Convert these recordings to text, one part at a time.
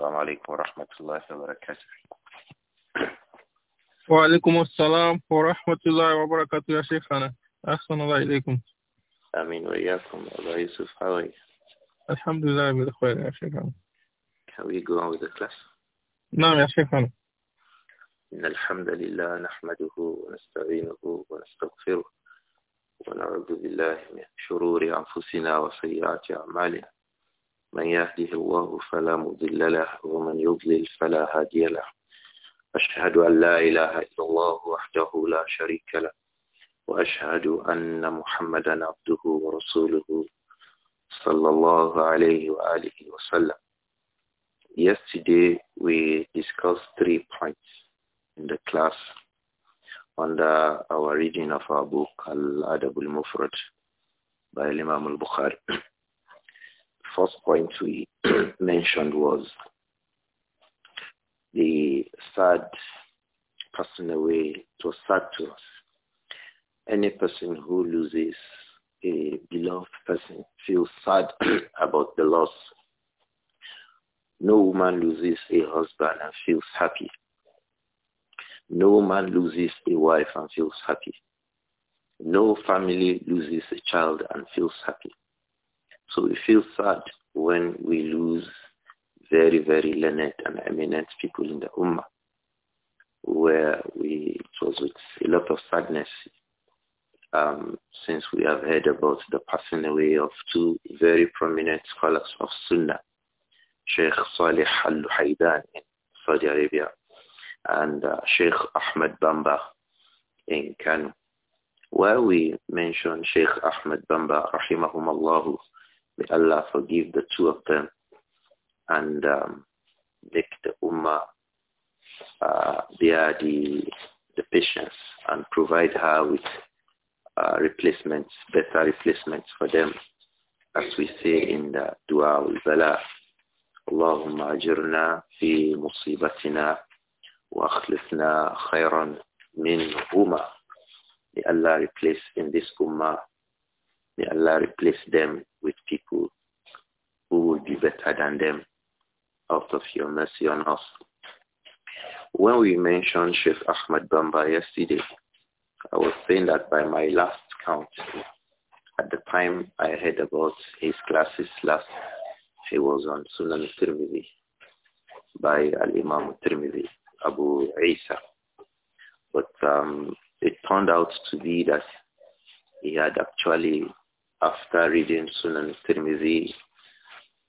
السلام عليكم ورحمة الله وبركاته وعليكم السلام ورحمة الله وبركاته يا شيخنا أحسن الله إليكم آمين وإياكم الله يوسف حوي الحمد لله Alhamdulillah بالخير يا شيخنا Can we go on with the class? نعم يا شيخنا إن الحمد لله نحمده ونستعينه ونستغفره ونعوذ بالله من شرور أنفسنا وسيئات أعمالنا من يهده الله فلا مضل له ومن يضلل فلا هادي له أشهد أن لا إله إلا الله وحده لا شريك له وأشهد أن محمدا عبده ورسوله صلى الله عليه وآله وسلم Yesterday we discussed three points in the class under our reading of our book Al-Adab al-Mufrad by Imam al-Bukhari first point we mentioned was the sad passing away. It was sad to us. Any person who loses a beloved person feels sad about the loss. No woman loses a husband and feels happy. No man loses a wife and feels happy. No family loses a child and feels happy. So we feel sad when we lose very, very learned and eminent people in the Ummah, where we, it was with a lot of sadness um, since we have heard about the passing away of two very prominent scholars of Sunnah, Sheikh Saleh Al-Haidan in Saudi Arabia and uh, Sheikh Ahmed Bamba in Kano. Where we mention Sheikh Ahmed Bamba, rahimahumallahu, May Allah forgive the two of them and um, make the Ummah uh, the, the patience and provide her with uh, replacements, better replacements for them, as we say in the Dua al-Bala. اللهم أجرنا wa مصيبتنا وأخلفنا خيرا منهما. May Allah replace in this Ummah. May Allah replace them with people who would be better than them out of your mercy on us. When we mentioned Sheikh Ahmad Bamba yesterday, I was saying that by my last count, at the time I heard about his classes last, he was on Sunan Tirmidhi by Al-Imam Tirmidhi, Abu Isa. But um, it turned out to be that he had actually after reading Sunan Tirmidhi,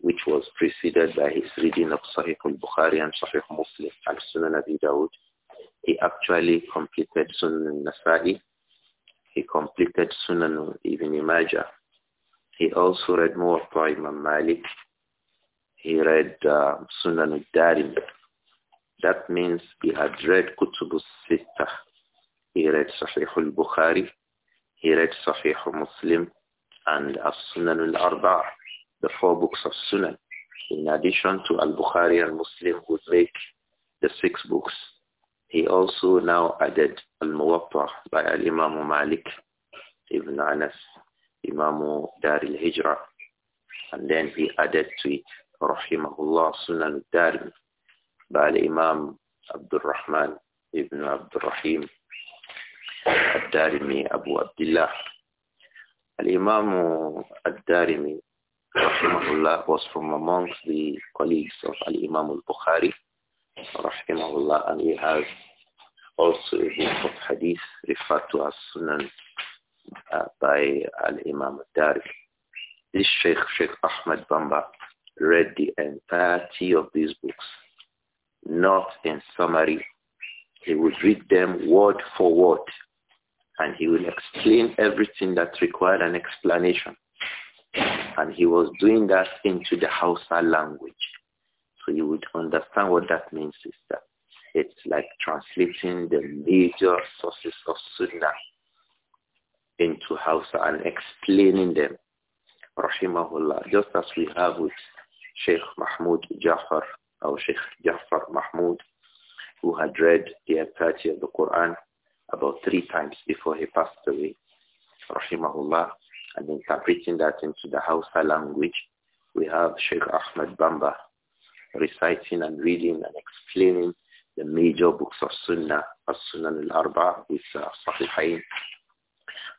which was preceded by his reading of Sahih al-Bukhari and Sahih Muslim and Sunan Abi Dawud, he actually completed Sunan Nasai. He completed Sunan Ibn Majah. He also read by Imam Malik. He read uh, Sunan al-Darimi. That means he had read Kutub al-Sittah. He read Sahih al-Bukhari. He read Sahih Muslim and As-Sunan al-Arba', the four books of Sunan. In addition to Al-Bukhari and Muslim would make the six books, he also now added Al-Muwatta by Al-Imam Malik Ibn Anas, Imam Dar al-Hijra. And then he added to it, Rahimahullah Sunan al-Darimi by Al-Imam Abdul Rahman Ibn Abdul Rahim Al-Darimi Abu Abdullah Al-Imam al darimi rahimahullah was from amongst the colleagues of Al-Imam Al-Bukhari rahimahullah and he has also a book of hadith referred to as Sunan uh, by Al-Imam al-Darimi. This Sheikh, Sheikh Ahmed Bamba read the entirety of these books, not in summary. He would read them word for word and he will explain everything that required an explanation. And he was doing that into the Hausa language. So you would understand what that means is that it's like translating the major sources of Sunnah into Hausa and explaining them. Rahimahullah, just as we have with Sheikh Mahmoud Jafar, or Sheikh Jafar Mahmoud, who had read the entirety of the Quran about three times before he passed away, rahimahullah, and interpreting that into the Hausa language, we have Sheikh Ahmed Bamba reciting and reading and explaining the major books of Sunnah, As-Sunan al-Arba with uh, Sahihain,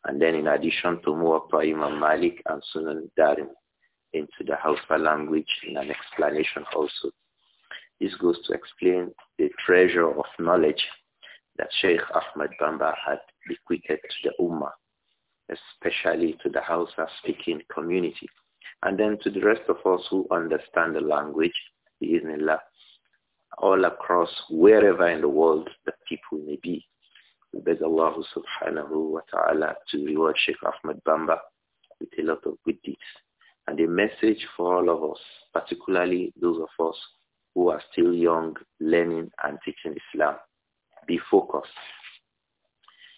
and then in addition to Muwatta Imam Malik and Sunan Darim into the Hausa language in an explanation also. This goes to explain the treasure of knowledge that Sheikh Ahmed Bamba had bequeathed to the Ummah, especially to the Hausa-speaking community. And then to the rest of us who understand the language, Bismillah, all across, wherever in the world the people may be. We beg Allah subhanahu wa ta'ala to reward Sheikh Ahmed Bamba with a lot of good deeds. And a message for all of us, particularly those of us who are still young, learning and teaching Islam. Be focused.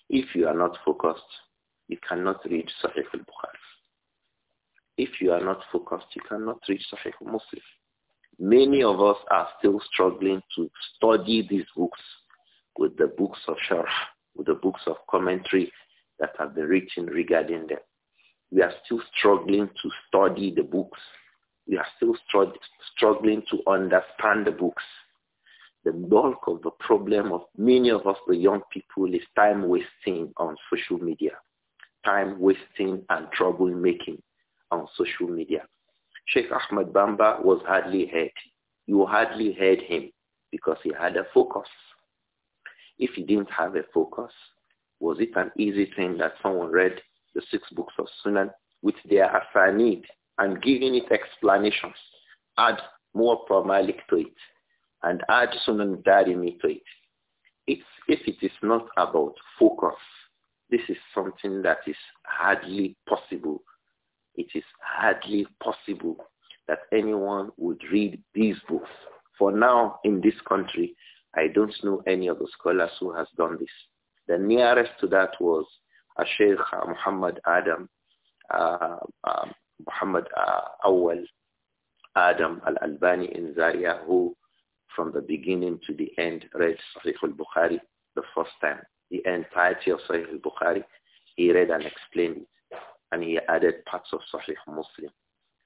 If you are not focused, you cannot read Sahih al-Bukhari. If you are not focused, you cannot read Sahih muslim Many of us are still struggling to study these books with the books of Sharh, with the books of commentary that have been written regarding them. We are still struggling to study the books. We are still struggling to understand the books the bulk of the problem of many of us, the young people, is time wasting on social media, time wasting and trouble making on social media. Sheikh Ahmed Bamba was hardly heard. You hardly heard him because he had a focus. If he didn't have a focus, was it an easy thing that someone read the six books of Sunan with their assigned and giving it explanations, add more Malik to it? and add just want to it. If, if it is not about focus, this is something that is hardly possible. It is hardly possible that anyone would read these books. For now, in this country, I don't know any of the scholars who has done this. The nearest to that was uh, Sheikh Muhammad Adam, uh, uh, Muhammad uh, Awal Adam Al-Albani in Zaria, who from the beginning to the end, read Sahih al-Bukhari the first time, the entirety of Sahih al-Bukhari. He read and explained it, and he added parts of Sahih Muslim.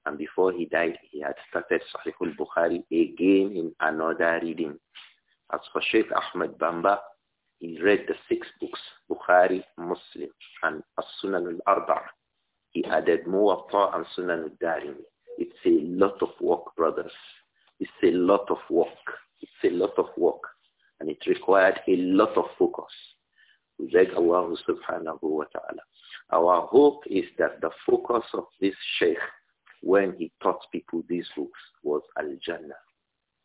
And before he died, he had started Sahih al-Bukhari again in another reading. As for Sheikh Ahmed Bamba, he read the six books, Bukhari, Muslim, and As-Sunan al-Arba'. He added Muwatta and Sunan al-Darimi. It's a lot of work, brothers. It's a lot of work. It's a lot of work. And it required a lot of focus. We beg Allah subhanahu wa ta'ala. Our hope is that the focus of this sheikh when he taught people these books was Al-Jannah.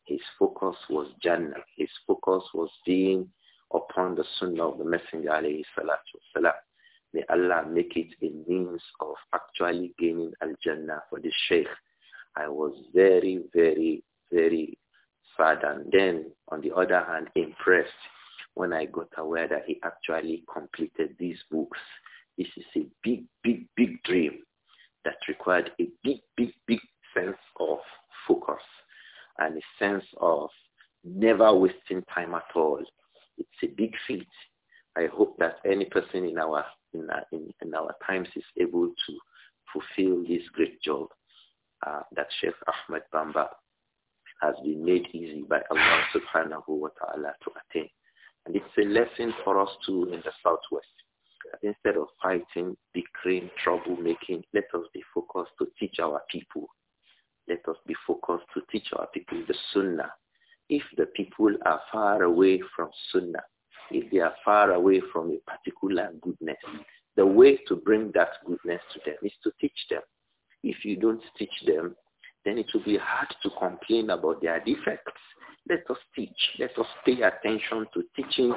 His focus was Jannah. His focus was being upon the sunnah of the Messenger alayhi salatu wasalam. May Allah make it a means of actually gaining Al-Jannah for this Sheikh. I was very, very very sad and then on the other hand impressed when I got aware that he actually completed these books. This is a big, big, big dream that required a big, big, big sense of focus and a sense of never wasting time at all. It's a big feat. I hope that any person in our in, in, in our times is able to fulfill this great job uh, that Sheikh Ahmed Bamba has been made easy by Allah subhanahu wa ta'ala to attain. And it's a lesson for us too in the Southwest. instead of fighting, bickering, troublemaking, let us be focused to teach our people. Let us be focused to teach our people the Sunnah. If the people are far away from Sunnah, if they are far away from a particular goodness, the way to bring that goodness to them is to teach them. If you don't teach them, then it will be hard to complain about their defects. Let us teach. Let us pay attention to teaching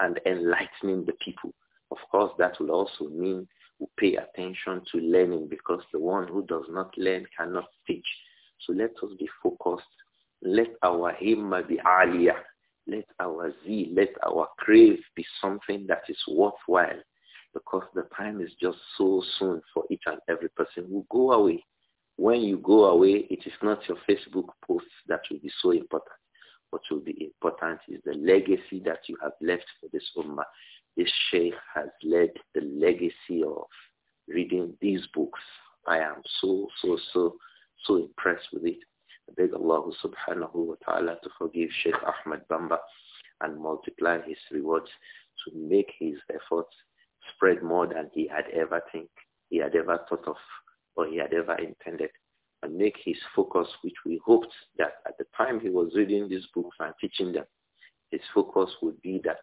and enlightening the people. Of course, that will also mean we pay attention to learning because the one who does not learn cannot teach. So let us be focused. Let our aim be aliyah. Let our zeal, let our crave be something that is worthwhile because the time is just so soon for each and every person who go away. When you go away, it is not your Facebook posts that will be so important. What will be important is the legacy that you have left for this ummah. This sheikh has led the legacy of reading these books. I am so, so, so, so impressed with it. I beg Allah subhanahu wa ta'ala to forgive Sheikh Ahmed Bamba and multiply his rewards to make his efforts spread more than he had ever think he had ever thought of or he had ever intended and make his focus, which we hoped that at the time he was reading these books and teaching them, his focus would be that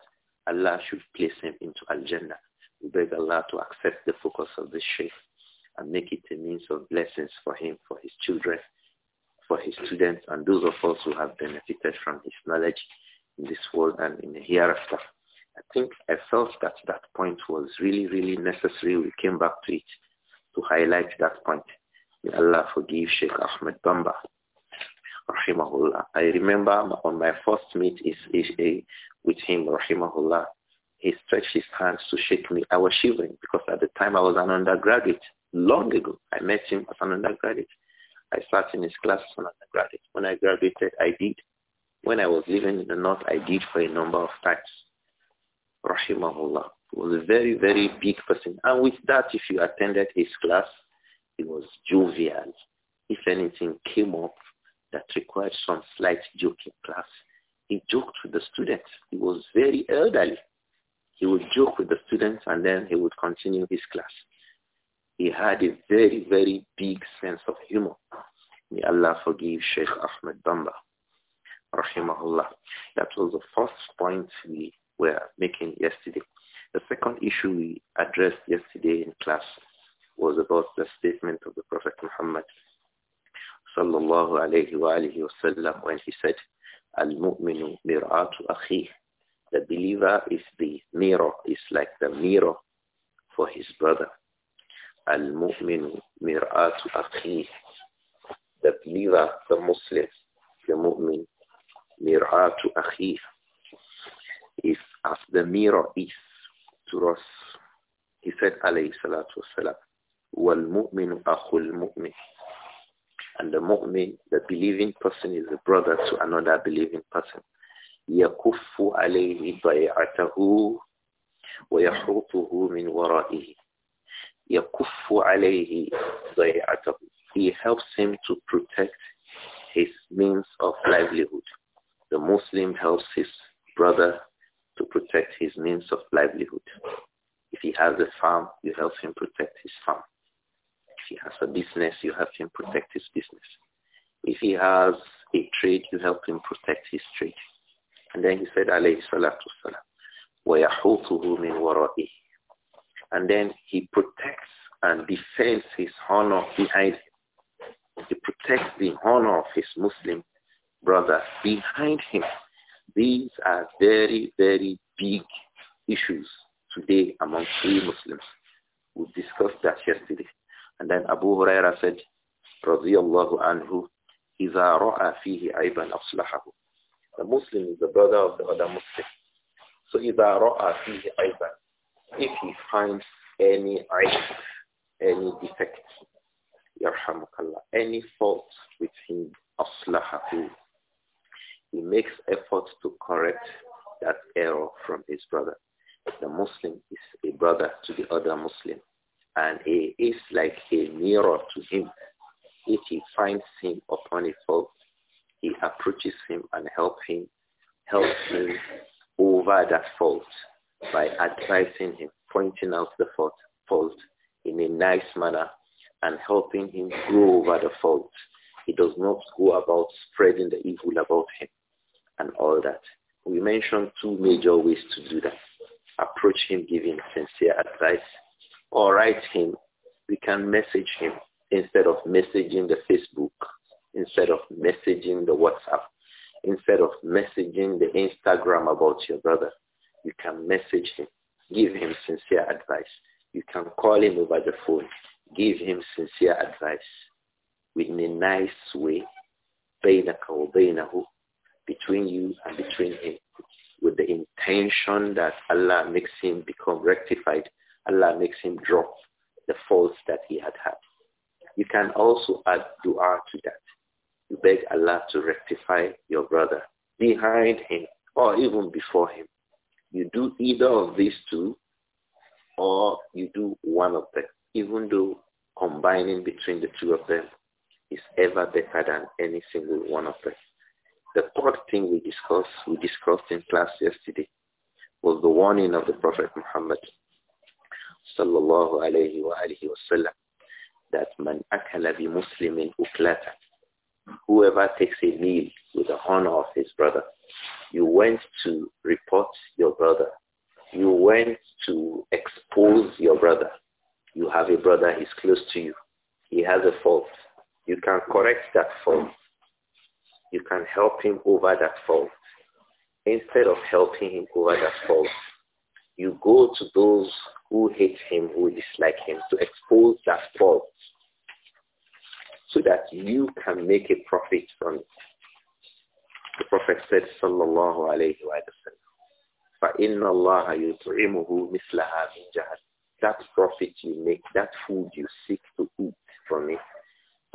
Allah should place him into Al-Jannah. We beg Allah to accept the focus of this sheikh and make it a means of blessings for him, for his children, for his students, and those of us who have benefited from his knowledge in this world and in the hereafter. I think I felt that that point was really, really necessary. We came back to it to highlight that point. May Allah forgive Sheikh Ahmed Bamba. Rahimahullah. I remember on my first meet is, is eh, with him, Rahimahullah, he stretched his hands to shake me. I was shivering because at the time I was an undergraduate. Long ago, I met him as an undergraduate. I sat in his class as an undergraduate. When I graduated, I did. When I was living in the north, I did for a number of times. Rahimahullah was a very, very big person. And with that, if you attended his class, he was jovial. If anything came up that required some slight joking class, he joked with the students. He was very elderly. He would joke with the students and then he would continue his class. He had a very, very big sense of humor. May Allah forgive Sheikh Ahmed Bamba. Rahimahullah. That was the first point we were making yesterday. The second issue we addressed yesterday in class was about the statement of the Prophet Muhammad sallallahu alayhi wa alihi wasallam when he said, Al-mu'minu mir'atu akhih. The believer is the mirror, is like the mirror for his brother. Al-mu'minu mir'atu akhih. The believer, the Muslim, the mu'min, mir'atu akhih is as the mirror is to us. He said, alayhi salatu wasalam, وَالْمُؤْمِنُ أَخُ الْمُؤْمِنِ And the mu'min, the believing person, is a brother to another believing person. يَكُفُّ عَلَيْهِ بَيْعَتَهُ وَيَحْرُطُهُ مِنْ وَرَائِهِ يَكُفُّ عَلَيْهِ بَيْعَتَهُ He helps him to protect his means of livelihood. The Muslim helps his brother to protect his means of livelihood. If he has a farm, you help him protect his farm. If he has a business, you help him protect his business. If he has a trade, you help him protect his trade. And then he said, alayhi salatu salam, وَيَحُوتُهُ مِنْ And then he protects and defends his honor behind him. He protects the honor of his Muslim brother behind him. These are very, very big issues today among free Muslims. We discussed that yesterday. And then Abu Huraira said, الله anhu, إِذَا رَأَى فِيهِ عَيْبًا أَصْلَحَهُ The Muslim is the brother of the other Muslim. So إِذَا رَأَى فِيهِ عَيْبًا If he finds any عيب, any defect, يَرْحَمُكَ اللَّهُ Any fault with him, أَصْلَحَهُ he makes efforts to correct that error from his brother. The Muslim is a brother to the other Muslim, and he is like a mirror to him. If he finds him upon a fault, he approaches him and helps him, helps him over that fault by advising him, pointing out the fault, fault in a nice manner and helping him grow over the fault. He does not go about spreading the evil about him and all that. We mentioned two major ways to do that. Approach him giving sincere advice or write him. We can message him instead of messaging the Facebook, instead of messaging the WhatsApp, instead of messaging the Instagram about your brother. You can message him, give him sincere advice. You can call him over the phone, give him sincere advice in a nice way, بينك وبينه between you and between him with the intention that Allah makes him become rectified. Allah makes him drop the faults that he had had. You can also add dua to that. You beg Allah to rectify your brother behind him or even before him. You do either of these two or you do one of them, even though combining between the two of them is ever better than any single one of them. The third thing we discussed, we discussed in class yesterday, was the warning of the Prophet Muhammad sallallahu alayhi wa alihi wasallam that man akala bi muslimin uklata whoever takes a meal with the honor of his brother you went to report your brother you went to expose your brother you have a brother he's close to you he has a fault you can correct that fault you can help him over that fault. Instead of helping him over that fault, you go to those who hate him, who dislike him, to expose that fault so that you can make a profit from it. The Prophet said, Sallallahu Alaihi Wasallam." مِثْلَهَا مِنْ جَهَةٍ That profit you make, that food you seek to eat from it,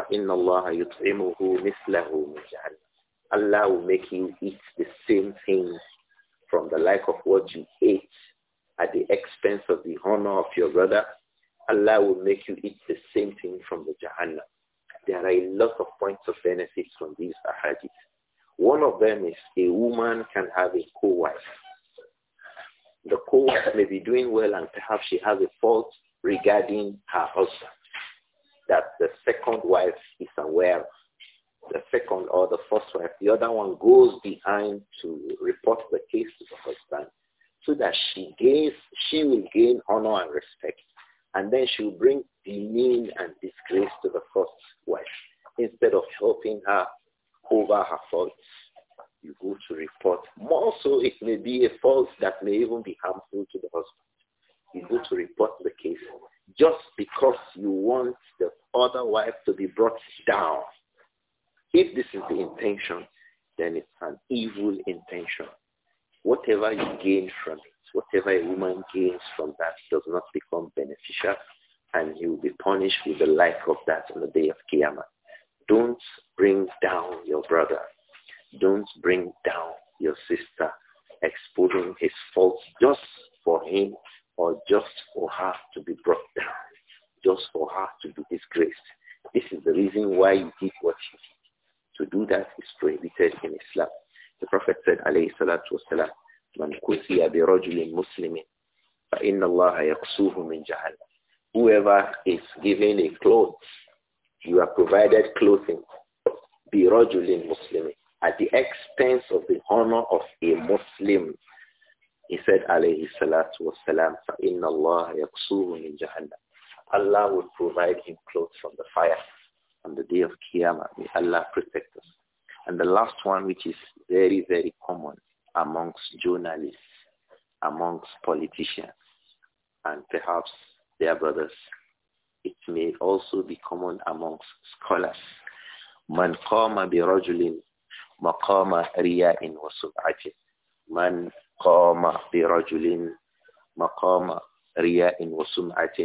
فَإِنَّ اللَّهَ يُطْعِمُهُ مِثْلَهُ مِنْ Allah will make you eat the same thing from the like of what you ate at the expense of the honor of your brother. Allah will make you eat the same thing from the Jahannam. There are a lot of points of benefits from these ahadith. One of them is a woman can have a co-wife. The co-wife may be doing well and perhaps she has a fault regarding her husband that the second wife is aware of. The second or the first wife, the other one goes behind to report the case to the husband so that she gains, she will gain honor and respect. And then she will bring demean and disgrace to the first wife. Instead of helping her over her faults, you go to report. More so, it may be a fault that may even be harmful to the husband. You go to report the case just because you want the other wife to be brought down. If this is the intention, then it's an evil intention. Whatever you gain from it, whatever a woman gains from that does not become beneficial and you will be punished with the like of that on the day of Qiyamah. Don't bring down your brother. Don't bring down your sister, exposing his faults just for him or just for her to be brought down, just for her to be disgraced. This is the reason why you did what you did. To do that is prohibited in Islam. The Prophet said, alayhi salatu wasalam, bi كسي muslimin, fa inna الله يقصوه min جهنم. Whoever is given a cloth, you are provided clothing, برجل muslimin at the expense of the honor of a Muslim he said, alayhi salatu wassalam, فَإِنَّ اللَّهَ يَقْصُوهُ مِنْ جَهَنَّمَ Allah will provide him clothes from the fire on the day of Qiyamah. May Allah protect us. And the last one, which is very, very common amongst journalists, amongst politicians, and perhaps their brothers. It may also be common amongst scholars. من قام برجل مقام رياء وسمعة من مقام برجل مقام رياء وسمعة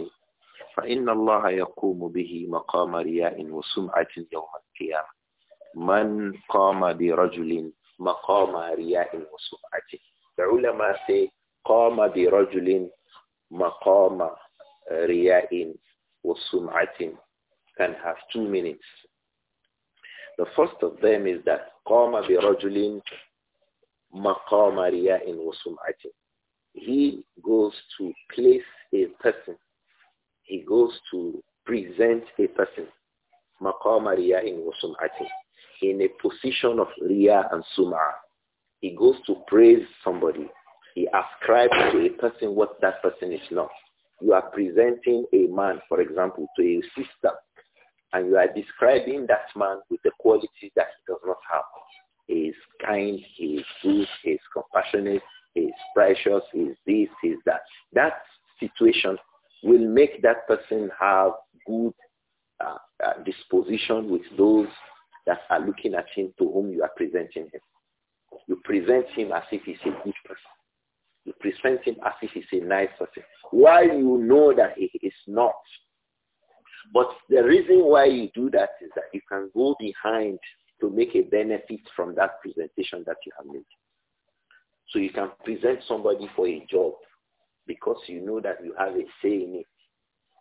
فإن الله يقوم به مقام رياء وسمعة يوم القيامة من قام برجل مقام رياء وسمعة The ulama say قام برجل مقام رياء وسمعة can have two meanings. The first of them is that قام برجل Maria in وَسُمْعَةٍ He goes to place a person. He goes to present a person. Maria in وَسُمْعَةٍ In a position of riya and Suma. He goes to praise somebody. He ascribes to a person what that person is not. You are presenting a man, for example, to a sister, and you are describing that man with the qualities that he does not have he is kind, he is good, he is compassionate, he is precious, he is this, he is that. That situation will make that person have good uh, uh, disposition with those that are looking at him to whom you are presenting him. You present him as if he's a good person. You present him as if he's a nice person. While you know that he is not. But the reason why you do that is that you can go behind to make a benefit from that presentation that you have made. So you can present somebody for a job because you know that you have a say in it.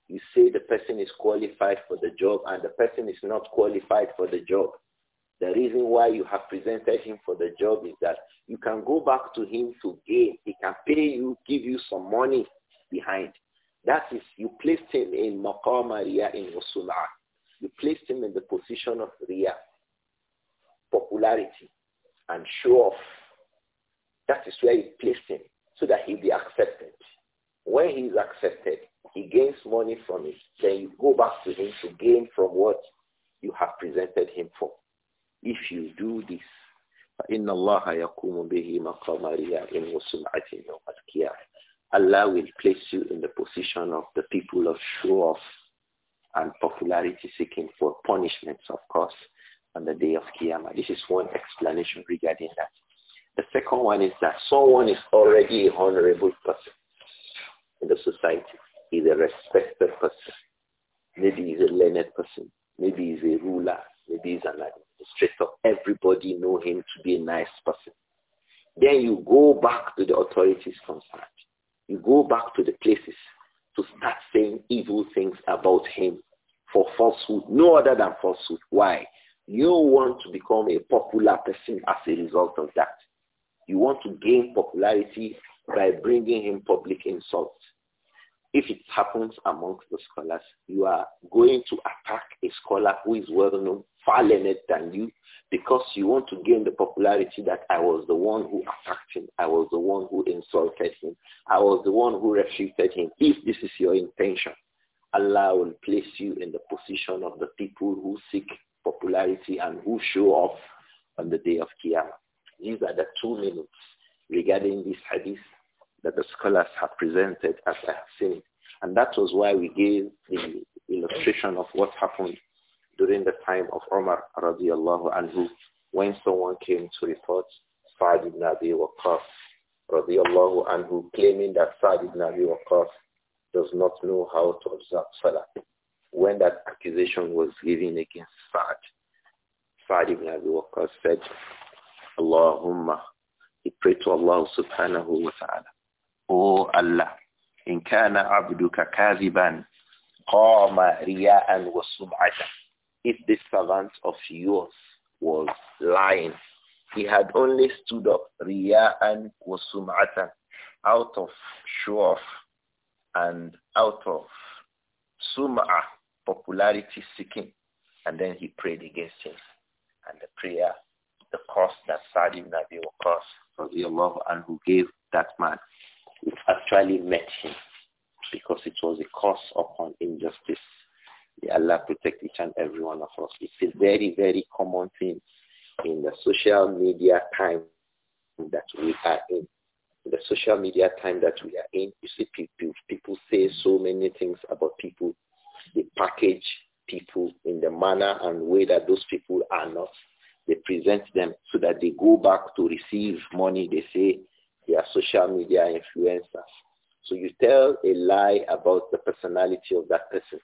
You say the person is qualified for the job and the person is not qualified for the job. The reason why you have presented him for the job is that you can go back to him to gain. He can pay you, give you some money behind. That is, you placed him in maqam riyah in wasulah. You placed him in the position of riyah popularity and show off. That is where he placed him so that he be accepted. When he is accepted, he gains money from it. Then you go back to him to gain from what you have presented him for. If you do this, Allah will place you in the position of the people of show off and popularity seeking for punishments, of course, on the day of Qiyamah. This is one explanation regarding that. The second one is that someone is already a honorable person in the society. He's a respected person. Maybe he's a learned person. Maybe he's a ruler. Maybe he's an administrator. Everybody know him to be a nice person. Then you go back to the authorities concerned. You go back to the places to start saying evil things about him for falsehood, no other than falsehood. Why? You want to become a popular person as a result of that. You want to gain popularity by bringing in public insults. If it happens amongst the scholars, you are going to attack a scholar who is well known, far learned than you, because you want to gain the popularity that I was the one who attacked him, I was the one who insulted him, I was the one who refuted him. If this is your intention, Allah will place you in the position of the people who seek popularity and who show off on the day of Qiyamah. These are the two minutes regarding this hadith that the scholars have presented as I have said. And that was why we gave the illustration of what happened during the time of Umar radiallahu anhu when someone came to report Sa'd ibn Abi Waqqas radiallahu anhu claiming that Sa'd ibn Abi Waqqas does not know how to observe Salah when that accusation was given against Sa'd, Sa'd ibn Abi Waqqas said, Allahumma, he prayed to Allah subhanahu wa ta'ala, O oh Allah, in kana abduka kaziban, qama riya'an wa sum'atan. If this servant of yours was lying, he had only stood up riya'an wa sum'atan, out of show and out of sum'ah, popularity seeking. And then he prayed against him. And the prayer, the cost that Sa'd ibn Abi Waqas and who gave that man, it actually met him because it was a cause upon injustice. May Allah protect each and every one of us. It's a very, very common thing in the social media time that we are in. in the social media time that we are in, you see people, people say so many things about people they package people in the manner and way that those people are not. They present them so that they go back to receive money. They say they are social media influencers. So you tell a lie about the personality of that person.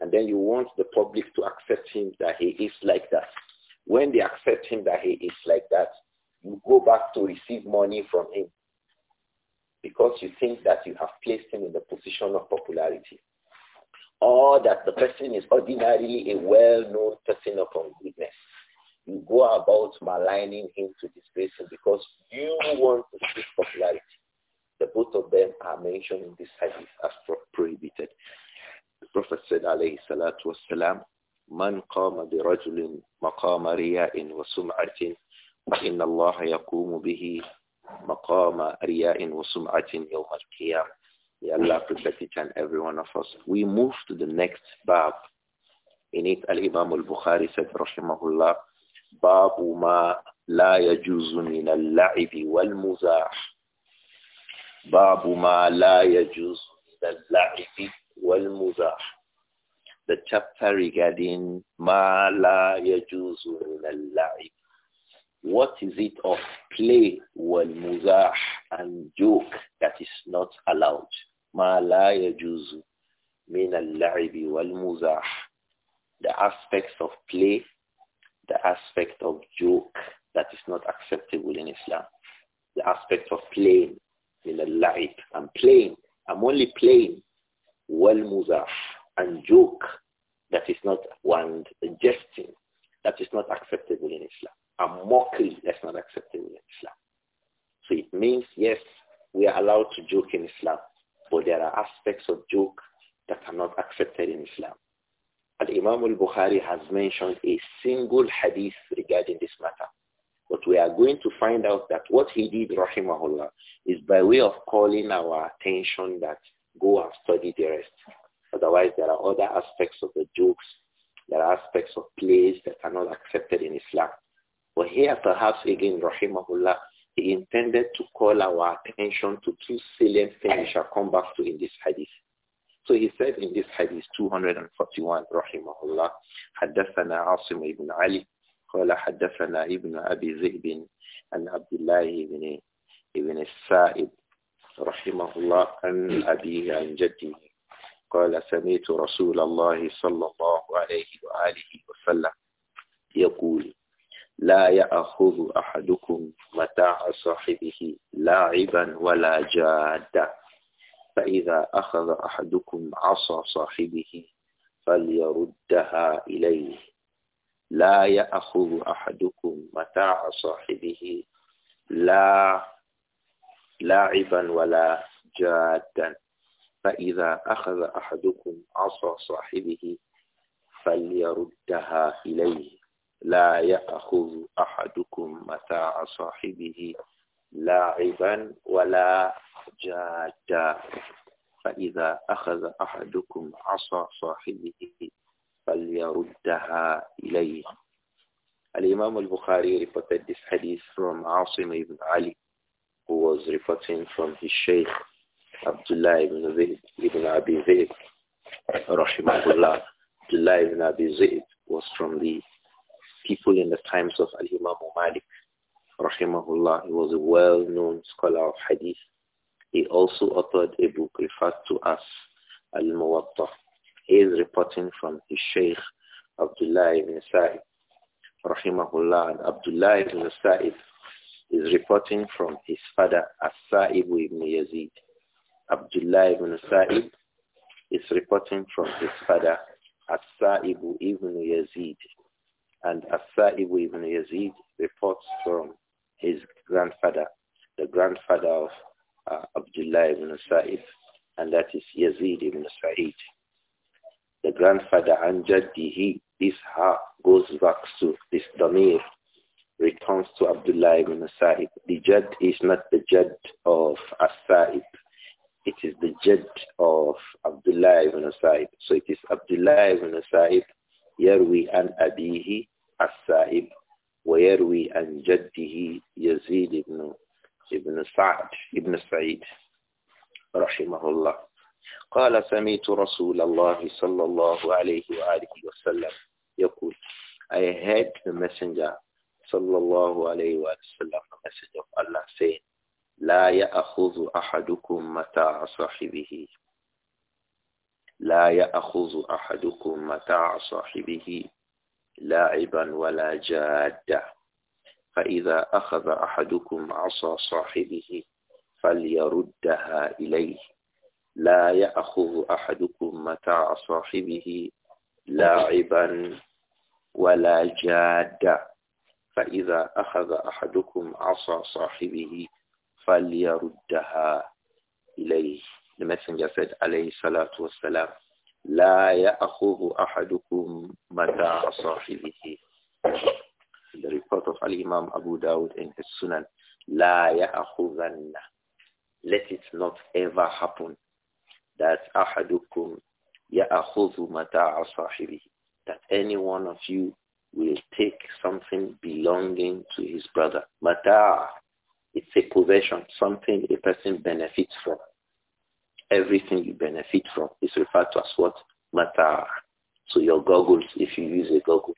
And then you want the public to accept him that he is like that. When they accept him that he is like that, you go back to receive money from him because you think that you have placed him in the position of popularity or that the person is ordinarily a well-known person upon goodness. You go about maligning him to disgrace him because you want to seek popularity. The both of them are mentioned in this hadith as prohibited. The Prophet said, alayhi salatu wasalam, من قام برجل مقام رياء وسمعة فإن الله يقوم به مقام رياء وسمعة يوم القيامة May Allah protect each and every one of us. We move to the next bab. In it, Al-Imam al-Bukhari said, Rahimahullah, Babu ma la yajuzu min al-la'ibi wal-muzah. Babu ma la yajuzu min al-la'ibi wal-muzah. The chapter regarding ma la yajuzu min al-la'ibi. What is it of play, wal and joke that is not allowed? muzah, the aspects of play Bukhari has mentioned a single hadith regarding this matter. But we are going to find out that what he did, rahimahullah, is by way of calling our attention that go and study the rest. Otherwise, there are other aspects of the jokes, there are aspects of plays that are not accepted in Islam. But here, perhaps again, rahimahullah, he intended to call our attention to two salient things we shall come back to in this hadith. So he said in this hadith 241, rahimahullah, حدثنا عاصم بن علي قال حدثنا ابن أبي ذئب عن عبد الله بن ابن السائب رحمه الله عن أبيه عن جده قال سمعت رسول الله صلى الله عليه وآله وسلم يقول لا يأخذ أحدكم متاع صاحبه لاعبا ولا جادا فإذا أخذ أحدكم عصا صاحبه فليردها إليه لا يأخذ أحدكم متاع صاحبه لا لاعبا ولا جادا فإذا أخذ أحدكم عصا صاحبه فليردها إليه لا يأخذ أحدكم متاع صاحبه لاعبا ولا جادا إذا أخذ أحدكم عصا صاحبه فليردها إليه imam al-Bukhari reported this hadith from Asim ibn Ali, who was reporting from his Shaykh Abdullah ibn, Zayd, ibn Abi Zayd, Abdullah ibn Abi Zayd was from the people in the times of Al-Imam Malik, rahimahullah. He was a well-known scholar of hadith he also authored a book referred to as Al-Muwatta. He is reporting from his Sheikh Abdullah ibn Sa'id, rahimahullah. And Abdullah ibn Sa'id is reporting from his father As-Sa'ib ibn Yazid. Abdullah ibn Sa'id is reporting from his father As-Sa'ib ibn Yazid. And As-Sa'ib ibn Yazid reports from his grandfather, the grandfather of uh, Abdullah ibn Sa'id, and that is Yazid ibn Sa'id. The grandfather Anjadihi, this ha goes back to this Damir, returns to Abdullah ibn Sa'id. The Jad is not the Jad of As-Sa'id. It is the Jad of Abdullah ibn Sa'id. So it is Abdullah ibn Sa'id, Yarwi an Abihi, As-Sa'id, ويروي عن جده Yazid ibn ibn Sa'd ibn Sa'id رحمه الله قال سمعت رسول الله صلى الله عليه وآله وسلم يقول I heard the messenger صلى الله عليه وآله وسلم the messenger of Allah saying لا يأخذ أحدكم متاع صاحبه لا يأخذ أحدكم متاع صاحبه لاعبا ولا جادا فإذا أخذ أحدكم عصا صاحبه فليردها إليه لا يأخذ أحدكم متاع صاحبه لاعبا ولا جادا فإذا أخذ أحدكم عصا صاحبه فليردها إليه The messenger said عليه الصلاة والسلام لا يأخذ أحدكم متاع صاحبه the report of Al-Imam Abu Dawud in his Sunan, La ya'akhudanna. Let it not ever happen that ahadukum ya'akhudhu mata'a sahibihi. That any one of you will take something belonging to his brother. Mata'a. It's a possession, something a person benefits from. Everything you benefit from is referred to as what? Mata'a. So your goggles, if you use a goggle,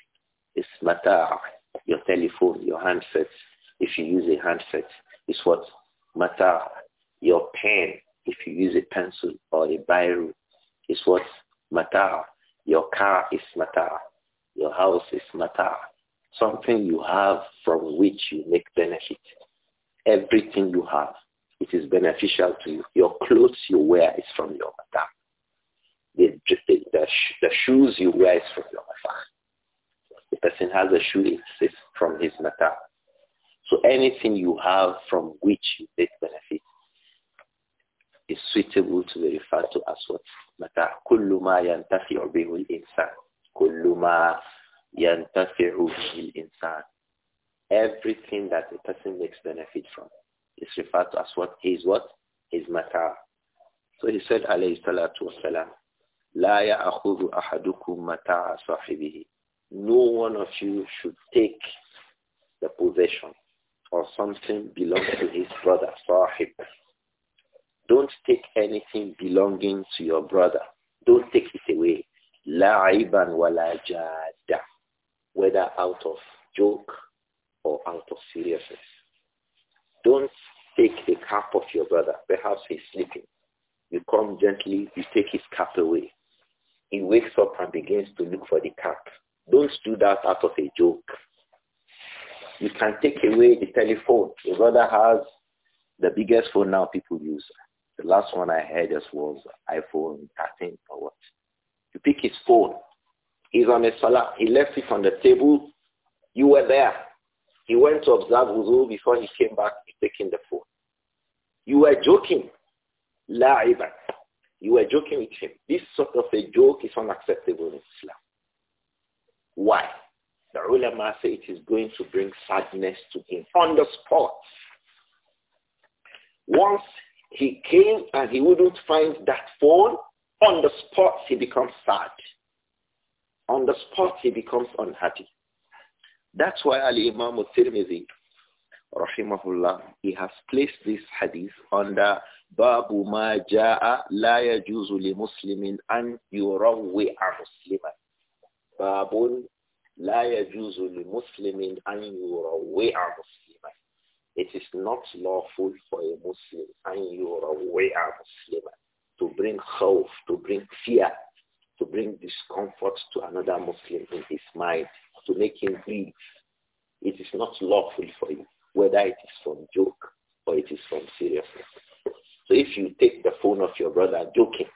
it's mata'a your telephone, your handset, if you use a handset, is what matter. Your pen, if you use a pencil or a biro, is what matter. Your car is matter. Your house is matter. Something you have from which you make benefit. Everything you have, it is beneficial to you. Your clothes you wear is from your matter. The, the, the, the shoes you wear is from your matter person has a shoe, it's from his mata. So anything you have from which you get benefit is suitable to be referred to as what? Mata. كل ما ينتفع به الإنسان. كل ما ينتفع به الإنسان. Everything that a person makes benefit from is referred to as what? His what? His mata. So he said, عليه الصلاة والسلام, لا يأخذ أحدكم متاع صاحبه no one of you should take the possession or something belonging to his brother, sahib. Don't take anything belonging to your brother. Don't take it away. La'iban wala jada. Whether out of joke or out of seriousness. Don't take the cap of your brother. Perhaps he's sleeping. You come gently, you take his cap away. He wakes up and begins to look for the cap. Don't do that out of a joke. You can take away the telephone. Your brother has the biggest phone now people use. The last one I heard just was iPhone 13 or what. You pick his phone. He's on a salah. He left it on the table. You were there. He went to observe wudu before he came back. He's taking the phone. You were joking. La'iba. You were joking with him. This sort of a joke is unacceptable in Islam. Why? The ulama say it is going to bring sadness to him on the spot. Once he came and he wouldn't find that phone, on the spot he becomes sad. On the spot he becomes unhappy. That's why Ali Imam al-Tirmidhi, rahimahullah, he has placed this hadith under Babu ma ja'a la yajuzu li muslimin an yurawwi'a musliman. It is not lawful for a Muslim an yurawwi'a musliman to bring khawf, to bring fear, to bring discomfort to another Muslim in his mind, to make him grieve. It is not lawful for you, whether it is from joke or it is from seriousness. So if you take the phone of your brother joking,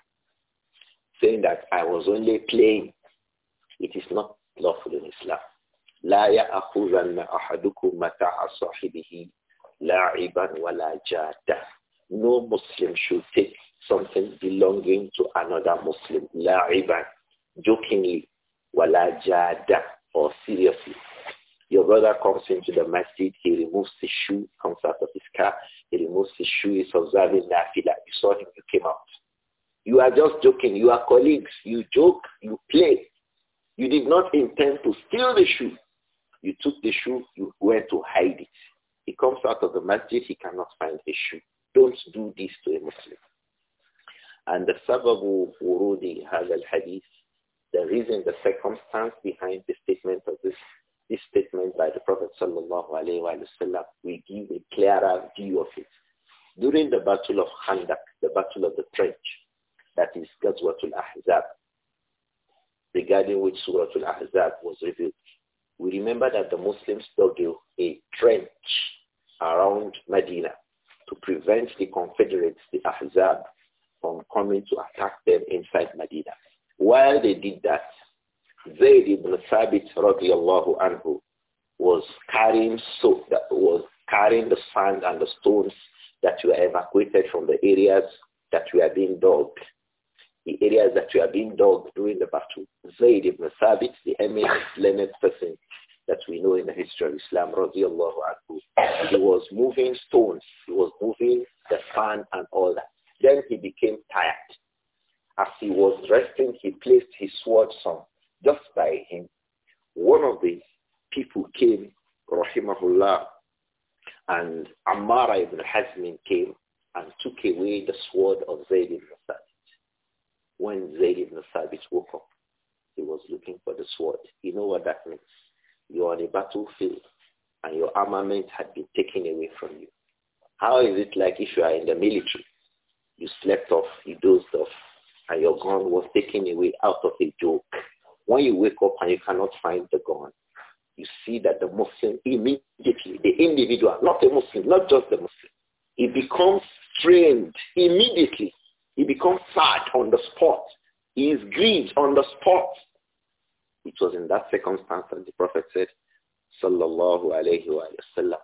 saying that I was only playing, it is not lawful in Islam. لا يأخذن أحدكم متاع صاحبه لاعبا ولا جادا. No Muslim should take something belonging to another Muslim لاعبا jokingly ولا جادا, or seriously. Your brother comes into the masjid, he removes his shoe, comes out of his car, he removes his shoe, he's observing nafila. You saw him, you came out. You are just joking. You are colleagues. You joke, you play. You did not intend to steal the shoe. You took the shoe, you went to hide it. He comes out of the masjid, he cannot find his shoe. Don't do this to a Muslim. And the sababu urudi al hadith, the reason, the circumstance behind the statement of this, this statement by the Prophet sallallahu alaihi wasallam, we give a clearer view of it. During the Battle of Khandak, the Battle of the Trench, that is Ghazwatul Ahzab, regarding which Surah Al-Ahzab was revealed. We remember that the Muslims dug a trench around Medina to prevent the Confederates, the Ahzab, from coming to attack them inside Medina. While they did that, Zayd ibn Thabit radiallahu anhu was carrying soap that was carrying the sand and the stones that were evacuated from the areas that were being dug. The areas that were being dug during the battle Zayd ibn Thabit, the eminent learned person that we know in the history of Islam, radiallahu anhu. He was moving stones. He was moving the fan and all that. Then he became tired. As he was resting, he placed his sword some just by him. One of the people came, rahimahullah, and Ammar ibn Hazmin came and took away the sword of Zayd ibn Thabit. When Zayd ibn Thabit woke up, he was looking for the sword. You know what that means. You're on a battlefield and your armament had been taken away from you. How is it like if you are in the military? You slept off, you dozed off, and your gun was taken away out of a joke. When you wake up and you cannot find the gun, you see that the Muslim immediately, the individual, not the Muslim, not just the Muslim, he becomes strained immediately. He becomes sad on the spot. He is grieved on the spot. It was in that circumstance that the Prophet said, Sallallahu alayhi wa sallam,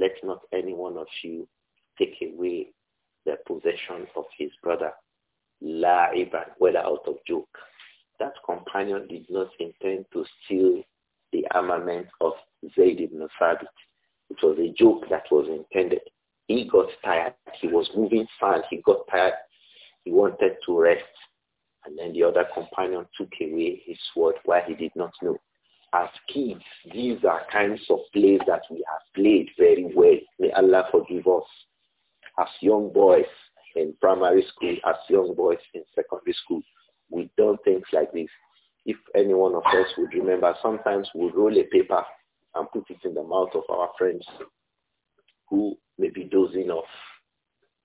Let not any one of you take away the possession of his brother, la'iban, whether out of joke. That companion did not intend to steal the armament of Zayd ibn Thabit. It was a joke that was intended. He got tired. He was moving fast. He got tired. He wanted to rest. And then the other companion took away his sword while he did not know. As kids, these are kinds of plays that we have played very well. May Allah forgive us. As young boys in primary school, as young boys in secondary school, we done things like this. If any one of us would remember, sometimes we roll a paper and put it in the mouth of our friends who may be dozing off.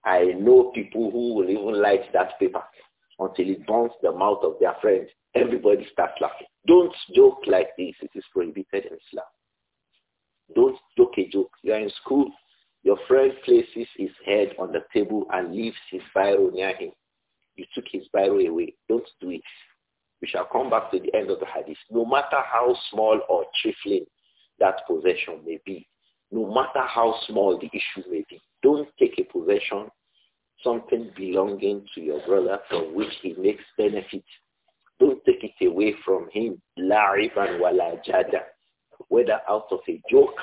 I know people who will even light that paper until it burns the mouth of their friend. Everybody starts laughing. Don't joke like this. It is prohibited in Islam. Don't joke a joke. You are in school. Your friend places his head on the table and leaves his biro near him. You took his biro away. Don't do it. We shall come back to the end of the hadith. No matter how small or trifling that possession may be, no matter how small the issue may be, don't take a possession something belonging to your brother from which he makes benefit. Don't take it away from him, la'iban wala jada, whether out of a joke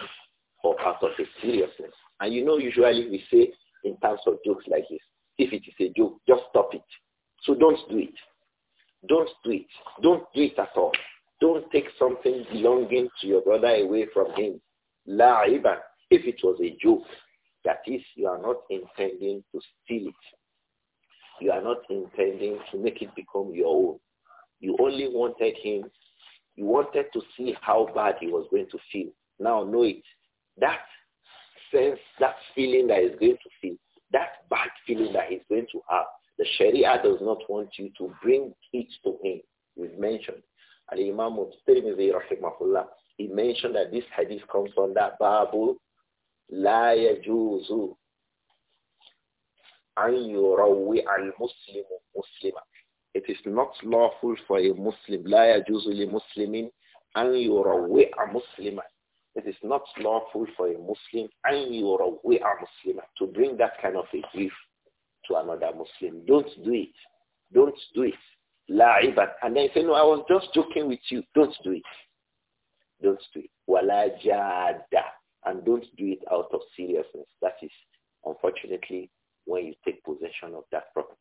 or out of a seriousness. And you know, usually we say in terms of jokes like this, if it is a joke, just stop it. So don't do it. Don't do it. Don't do it at all. Don't take something belonging to your brother away from him. La'iban, if it was a joke, that is, you are not intending to steal it. You are not intending to make it become your own. You only wanted him. You wanted to see how bad he was going to feel. Now know it. That sense, that feeling that is going to feel, that bad feeling that he's going to have, the Sharia does not want you to bring it to him. We've mentioned. And Imam Tirmidhi, rahimahullah, he mentioned that this hadith comes from that Bible. لا يجوز أن يروي المسلم مسلما It is not lawful for a Muslim لا يجوز لمسلم أن يروي مسلما It is not lawful for a Muslim أن يروي مسلما to bring that kind of a grief to another Muslim. Don't do it. Don't do it. La'iban. And then you say, no, I was just joking with you. Don't do it. Don't do it. ولا jada and don't do it out of seriousness. That is, unfortunately, when you take possession of that property.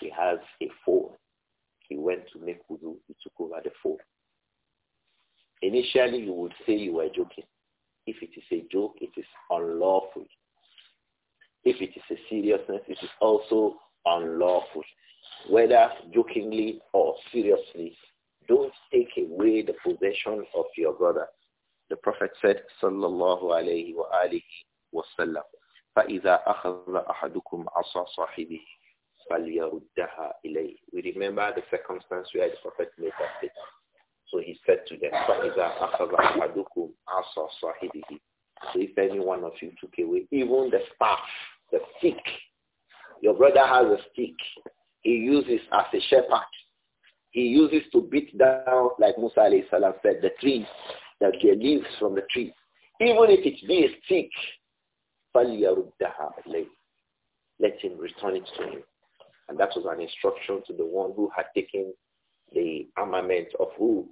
He has a phone. He went to make wudu. He took over the phone. Initially, you would say you were joking. If it is a joke, it is unlawful. If it is a seriousness, it is also unlawful. Whether jokingly or seriously, don't take away the possession of your brother. The Prophet said, Sallallahu alayhi wa alihi wa sallam, فَإِذَا أَخَذَ أَحَدُكُمْ عَصَى صَاحِبِهِ فَلْيَرُدَّهَا إِلَيْهِ We remember the circumstance where the Prophet made that statement. So he said to them, فَإِذَا أَخَذَ أَحَدُكُمْ عَصَى صَاحِبِهِ So if any one of you took away even the staff, the stick, your brother has a stick. He uses as a shepherd. He uses to beat down, like Musa alayhi salam said, the trees that their leaves from the tree, even if it be a stick, let him return it to him. And that was an instruction to the one who had taken the armament of who?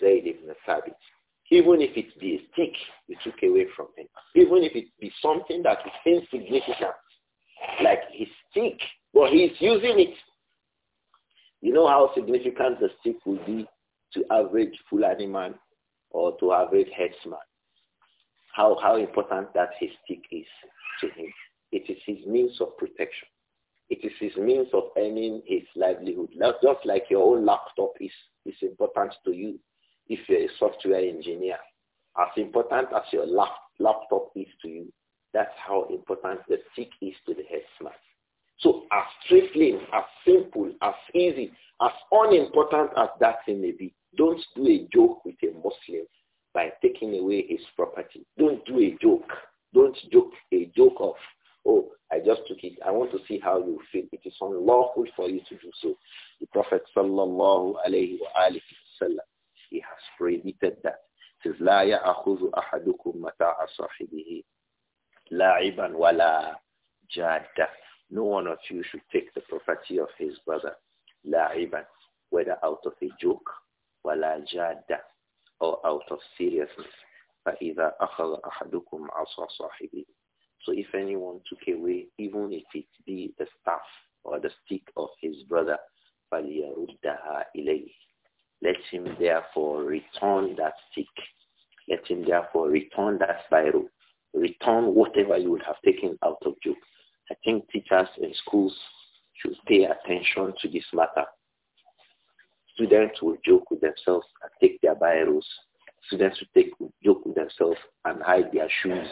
Zayd ibn Thabit. Even if it be a stick you took away from him. Even if it be something that is insignificant, like his stick, but he's using it. You know how significant the stick will be to average Fulani man or to average headsman. How, how important that his stick is to him. It is his means of protection. It is his means of earning his livelihood. Not just like your own laptop is, is important to you if you're a software engineer. As important as your laptop is to you, that's how important the stick is to the headsman. So as trifling, as simple, as easy, as unimportant as that thing may be, don't do a joke with a Muslim by taking away his property. Don't do a joke. Don't joke a joke of, oh, I just took it. I want to see how you feel. It is unlawful for you to do so. The Prophet sallallahu alayhi wa alihi wasallam, he has prohibited that. It says, لا يأخذ أحدكم متاع صاحبه لاعبا ولا جادا. No one of you should take the property of his brother لاعبا, whether out of a joke ولا جادة or out of seriousness. فإذا أخذ أحدكم عصا صاحبه So if anyone took away, even if it be the staff or the stick of his brother, فَلْيَرُدَّهَا إِلَيْهِ Let him therefore return that stick. Let him therefore return that spiral. Return whatever you would have taken out of you. I think teachers in schools should pay attention to this matter. Students will joke with themselves and take their biros. Students will take joke with themselves and hide their shoes.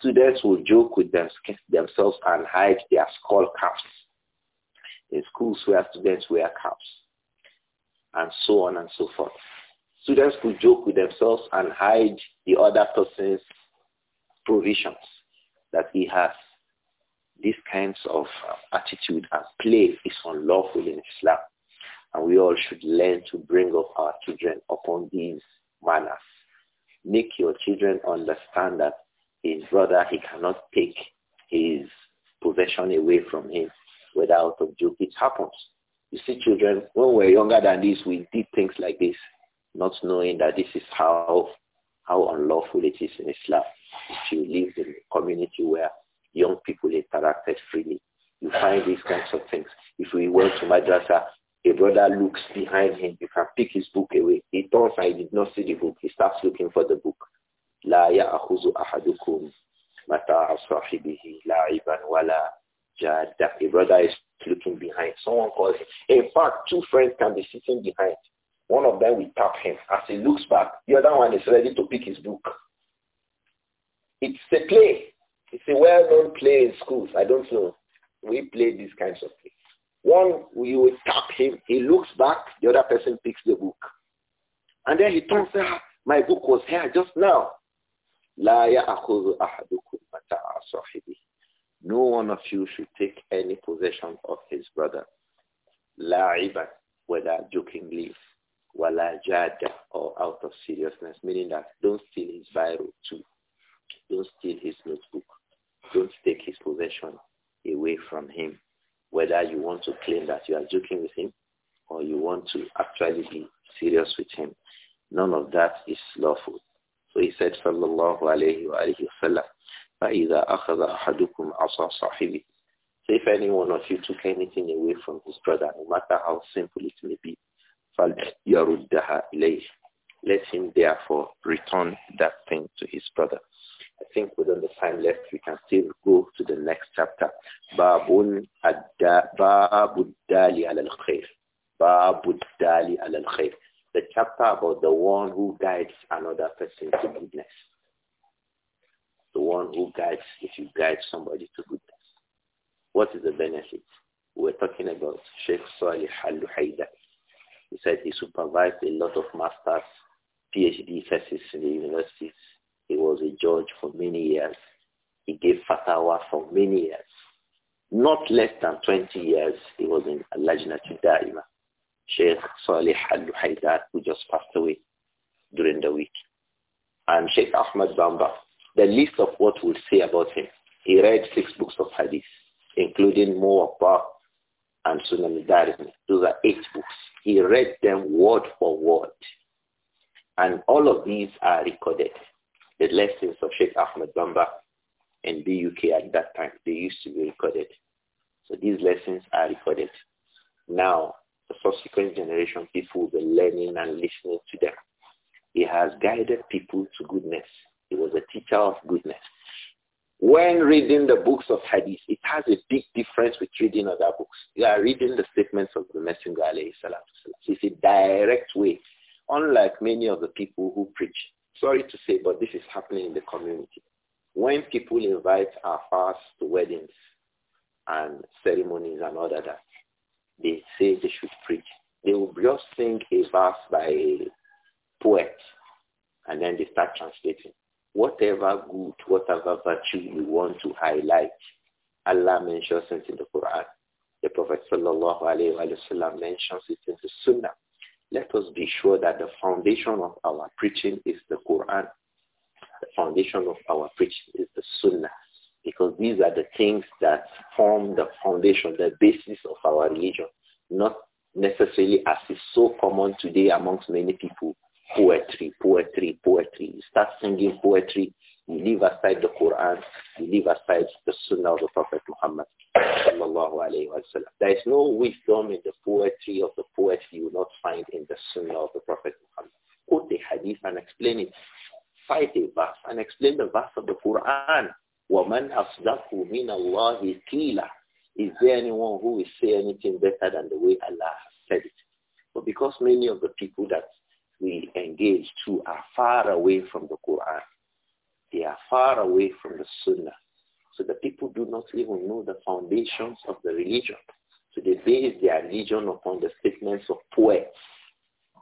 Students will joke with them, themselves and hide their skull caps. In schools where students wear caps and so on and so forth. Students will joke with themselves and hide the other person's provisions that he has. These kinds of uh, attitude and play is unlawful in Islam. And we all should learn to bring up our children upon these manners. Make your children understand that his brother, he cannot take his possession away from him without a joke. It happens. You see children, when we are younger than this, we did things like this, not knowing that this is how how unlawful it is in Islam. If you live in a community where young people interacted freely, you find these kinds of things. If we went to madrasa, a brother looks behind him, you can pick his book away. He turns and he did not see the book. He starts looking for the book. لا يأخذ أحدكم متاع صاحبه لاعبا ولا جادا. A brother is looking behind. Someone calls him. In fact, two friends can be sitting behind. One of them will tap him. As he looks back, the other one is ready to pick his book. It's a play. It's a well-known play in schools. I don't know. We play these kinds of play. One, you will tap him. He looks back. The other person picks the book. And then he turns her. Ah, my book was here just now. No one of you should take any possession of his brother. لعبا, whether jokingly, wala jada, or out of seriousness, meaning that don't steal his Bible too. Don't steal his notebook. Don't take his possession away from him whether you want to claim that you are joking with him or you want to actually be serious with him. None of that is lawful. So he said, sallallahu alayhi wa alayhi wa sallam, فَإِذَا أَخَذَ أَحَدُكُمْ عَصَى So if any one of you took anything away from his brother, no matter how simple it may be, فَلْيَرُدَّهَا إِلَيْهِ Let him therefore return that thing to his brother. I think within the time left, we can still go to the next chapter. Babun Babuddali al khair Babuddali al khair The chapter about the one who guides another person to goodness. The one who guides, if you guide somebody to goodness. What is the benefit? We're talking about Sheikh Salih al-Luhaida. He said he supervised a lot of masters, PhD thesis in the universities he was a judge for many years. He gave fatwa for many years. Not less than 20 years, he was in Al-Lajnatu Da'ima. Sheikh Salih Al-Luhaydar, who just passed away during the week. And Sheikh Ahmad Bamba. The list of what we'll say about him. He read six books of hadith, including Muwatta and Sunan al-Darimi. Those are eight books. He read them word for word. And all of these are recorded. The lessons of Sheikh Ahmed Bamba in the UK at that time, they used to be recorded. So these lessons are recorded. Now, the subsequent generation, people will be learning and listening to them. He has guided people to goodness. He was a teacher of goodness. When reading the books of Hadith, it has a big difference with reading other books. You are reading the statements of the Messenger, alayhi salatu It's a direct way, unlike many of the people who preach sorry to say, but this is happening in the community. When people invite our Afars to weddings and ceremonies and all that, they say they should preach. They will just sing a verse by a poet and then they start translating. Whatever good, whatever virtue you want to highlight, Allah mentions it in the Quran. The Prophet sallallahu wasallam mentions it in the Sunnah. Let us be sure that the foundation of our preaching is the Quran. The foundation of our preaching is the Sunnah. Because these are the things that form the foundation, the basis of our religion. Not necessarily as is so common today amongst many people, poetry, poetry, poetry. You start singing poetry, we leave aside the Quran, we leave aside the Sunnah of the Prophet Muhammad sallallahu There is no wisdom in the poetry of the poet you will not find in the Sunnah of the Prophet Muhammad. Quote the hadith and explain it. Cite a verse and explain the verse of the Quran. وَمَنْ أَصْدَقُ مِنَ اللَّهِ قِيلًا Is there anyone who will say anything better than the way Allah has said it? But because many of the people that we engage to are far away from the Quran, they are far away from the Sunnah. So the people do not even know the foundations of the religion. So they base their religion upon the statements of poets.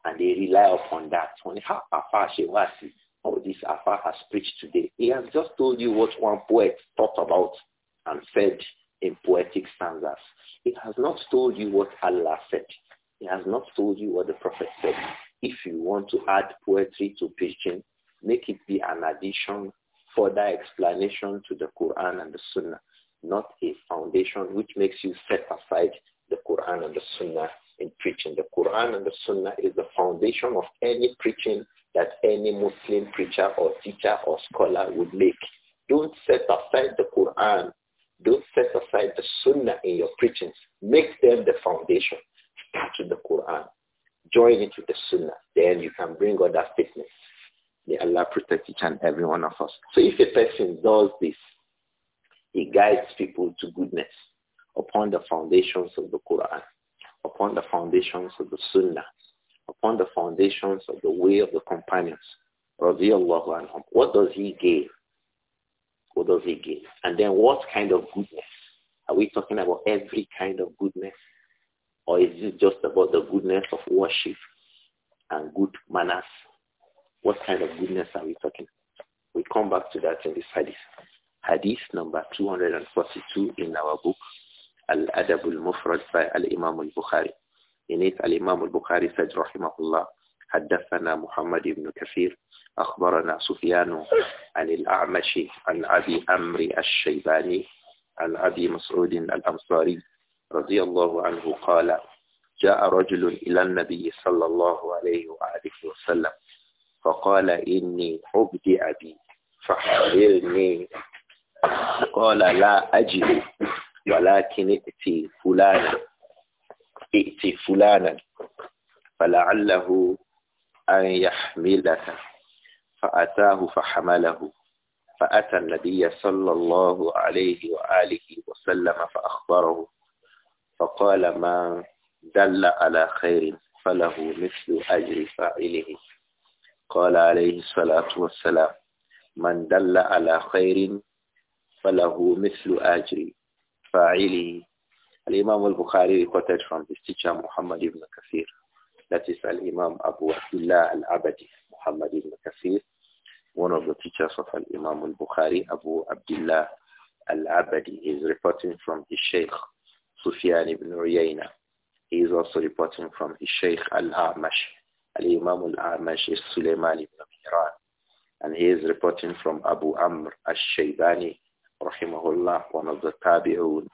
And they rely upon that. When how Afa Shewasi or this Afa has preached today, he has just told you what one poet thought about and said in poetic stanzas. He has not told you what Allah said. He has not told you what the Prophet said. If you want to add poetry to preaching, make it be an addition further explanation to the Quran and the Sunnah, not a foundation which makes you set aside the Quran and the Sunnah in preaching. The Quran and the Sunnah is the foundation of any preaching that any Muslim preacher or teacher or scholar would make. Don't set aside the Quran. Don't set aside the Sunnah in your preachings. Make them the foundation. Start with the Quran. Join it with the Sunnah. Then you can bring other statements. May Allah protect each and every one of us. So if a person does this, he guides people to goodness upon the foundations of the Quran, upon the foundations of the Sunnah, upon the foundations of the way of the companions. What does he give? What does he give? And then what kind of goodness? Are we talking about every kind of goodness? Or is it just about the goodness of worship and good manners what kind of goodness are we talking? We come back to that in this hadith. Hadith number 242 in our book, Al-Adab al-Mufrad by Al-Imam al-Bukhari. In it, Al-Imam al-Bukhari said, Rahimahullah, حدثنا محمد بن كثير أخبرنا سفيان عن الأعمش عن أبي أمر الشيباني عن أبي مسعود الأنصاري رضي الله عنه قال جاء رجل إلى النبي صلى الله عليه وآله وسلم فقال إني حبت أبي فحملني قال لا أجد ولكن ائتي فلانا ائتي فلانا فلعله أن يحملك فأتاه فحمله فأتى النبي صلى الله عليه وآله وسلم فأخبره فقال ما دل على خير فله مثل أجر فاعله قال عليه الصلاة والسلام من دل على خير فله مثل أجر فاعله الإمام البخاري al-Bukhari quoted from his teacher Muhammad ibn Kafir. That is Al-Imam Abu Abdullah al-Abadi, Muhammad ibn one of the teachers of Al-Imam al-Bukhari, Abu Abdullah al-Abadi. is reporting from his sheikh, Sufyan ibn Uyayna. He is also reporting from his sheikh al-Amash. Al-Imam al-Amash ibn Mihran. And he is reporting from Abu Amr al-Shaybani, rahimahullah, one of the Tabi'un,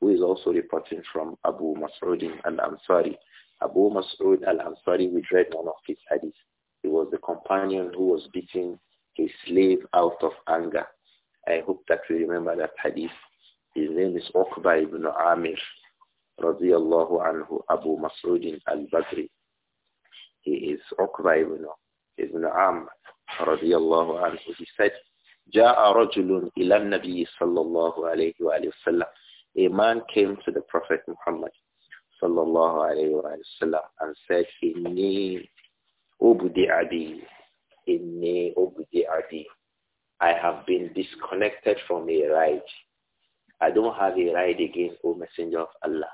who is also reporting from Abu Mas'ud al-Ansari. Abu Mas'ud al-Ansari, we read one of his hadiths. He was the companion who was beating his slave out of anger. I hope that we remember that hadith. His name is Uqba ibn Amir, radiyallahu anhu, Abu Mas'ud al-Badri he is Uqba ibn, ibn Amr radiallahu anhu. He said, جاء رجل إلى النبي صلى الله عليه وآله وسلم. A man came to the Prophet Muhammad صلى الله عليه وآله وسلم and said, إني أبدع بي إني أبدع بي I have been disconnected from a ride. I don't have a ride again, O Messenger of Allah.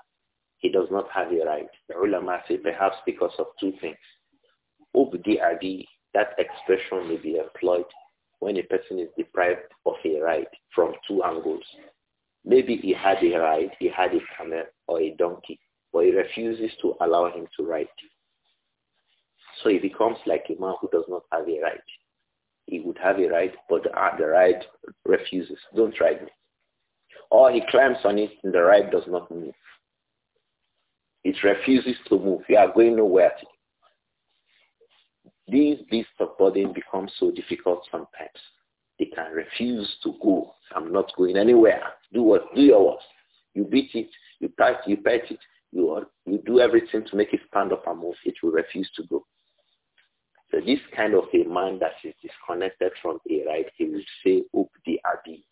He does not have a ride. The ulama say perhaps because of two things ubdi'a bi, that expression may be employed when a person is deprived of a right from two angles. Maybe he had a right, he had a camel or a donkey, but he refuses to allow him to ride. So he becomes like a man who does not have a right. He would have a right, but the, right refuses. Don't ride me. Or he climbs on it and the right does not move. It refuses to move. You are going nowhere these beasts of burden become so difficult sometimes. They can refuse to go. I'm not going anywhere. Do what? Do your worst. You beat it. You pat. You pet it. You you do everything to make it stand up and move. It will refuse to go. So this kind of a man that is disconnected from a right, he will say, "Up the abi."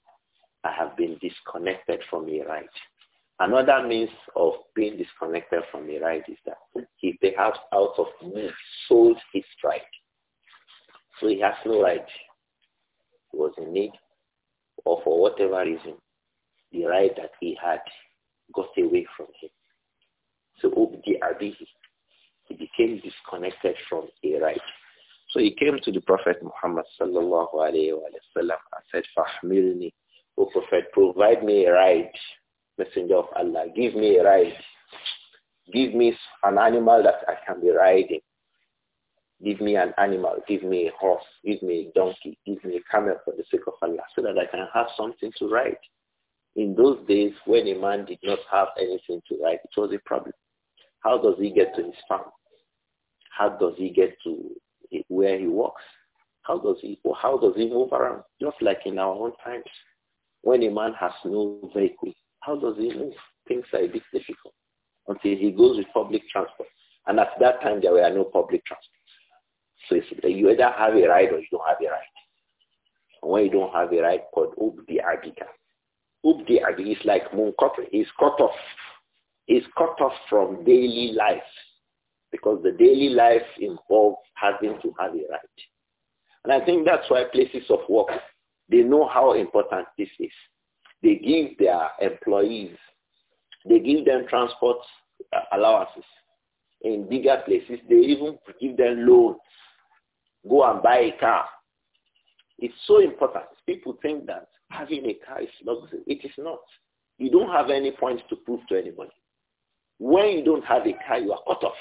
I have been disconnected from a right. Another means of being disconnected from the right is that he perhaps out of need sold his right. So he has no right. He was in need or for whatever reason, the right that he had got away from him. So the Abihi, he became disconnected from a right. So he came to the Prophet Muhammad sallallahu alayhi wa sallam and said, Fahmilni, O Prophet, provide me a right Messenger of Allah, give me a ride. Give me an animal that I can be riding. Give me an animal. Give me a horse. Give me a donkey. Give me a camel for the sake of Allah so that I can have something to ride. In those days when a man did not have anything to ride, it was a problem. How does he get to his farm? How does he get to where he works? How does he, how does he move around? Just like in our own times, when a man has no vehicle, how does he move? Things are a bit difficult until he goes with public transport. And at that time, there were no public transport. So you either have a ride or you don't have a ride. And when you don't have a ride, called Ubdi Agika. Ubdi Agi is like cut. He's cut off. He's cut off from daily life because the daily life involves having to have a ride. And I think that's why places of work, they know how important this is. They give their employees, they give them transport uh, allowances. In bigger places, they even give them loans. Go and buy a car. It's so important. People think that having a car is luxury. It is not. You don't have any points to prove to anybody. When you don't have a car, you are cut off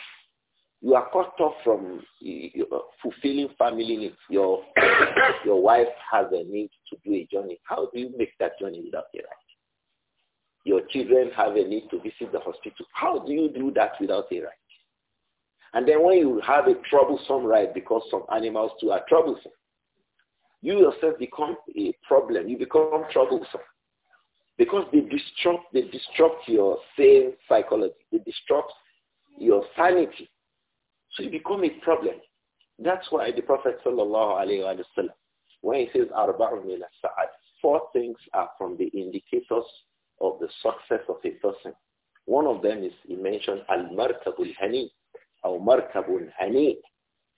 you are cut off from uh, fulfilling family needs. Your your wife has a need to do a journey. How do you make that journey without a ride? Your children have a need to visit the hospital. How do you do that without a ride? And then when you have a troublesome ride because some animals too are troublesome, you yourself become a problem. You become troublesome because they disrupt they disrupt your sane psychology. They disrupt your sanity so it becomes a problem. That's why the Prophet sallallahu alayhi wa sallam, when he says arba'un saad four things are from the indicators of the success of a person. One of them is he mentioned al-markabul hani, or markabun hani,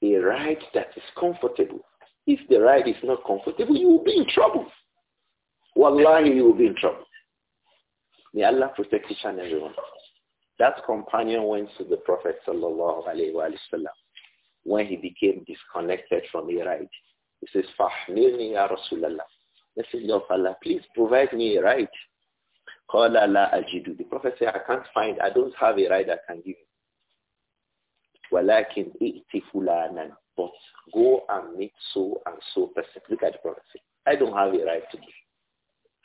a ride that is comfortable. If the ride is not comfortable, you will be in trouble. Wallahi, you will be in trouble. May Allah protect each and everyone. That companion went to the Prophet sallallahu alaihi wasallam when he became disconnected from a ride. He says, "Fahmilni ya Rasulallah." Messenger of Allah, please provide me a ride. Qala la ajidu. The Prophet said, I can't find, I don't have a ride I can give you. Walakin i'ti fulanan. But go and meet so and so person. Look at the Prophet. I don't have a ride to give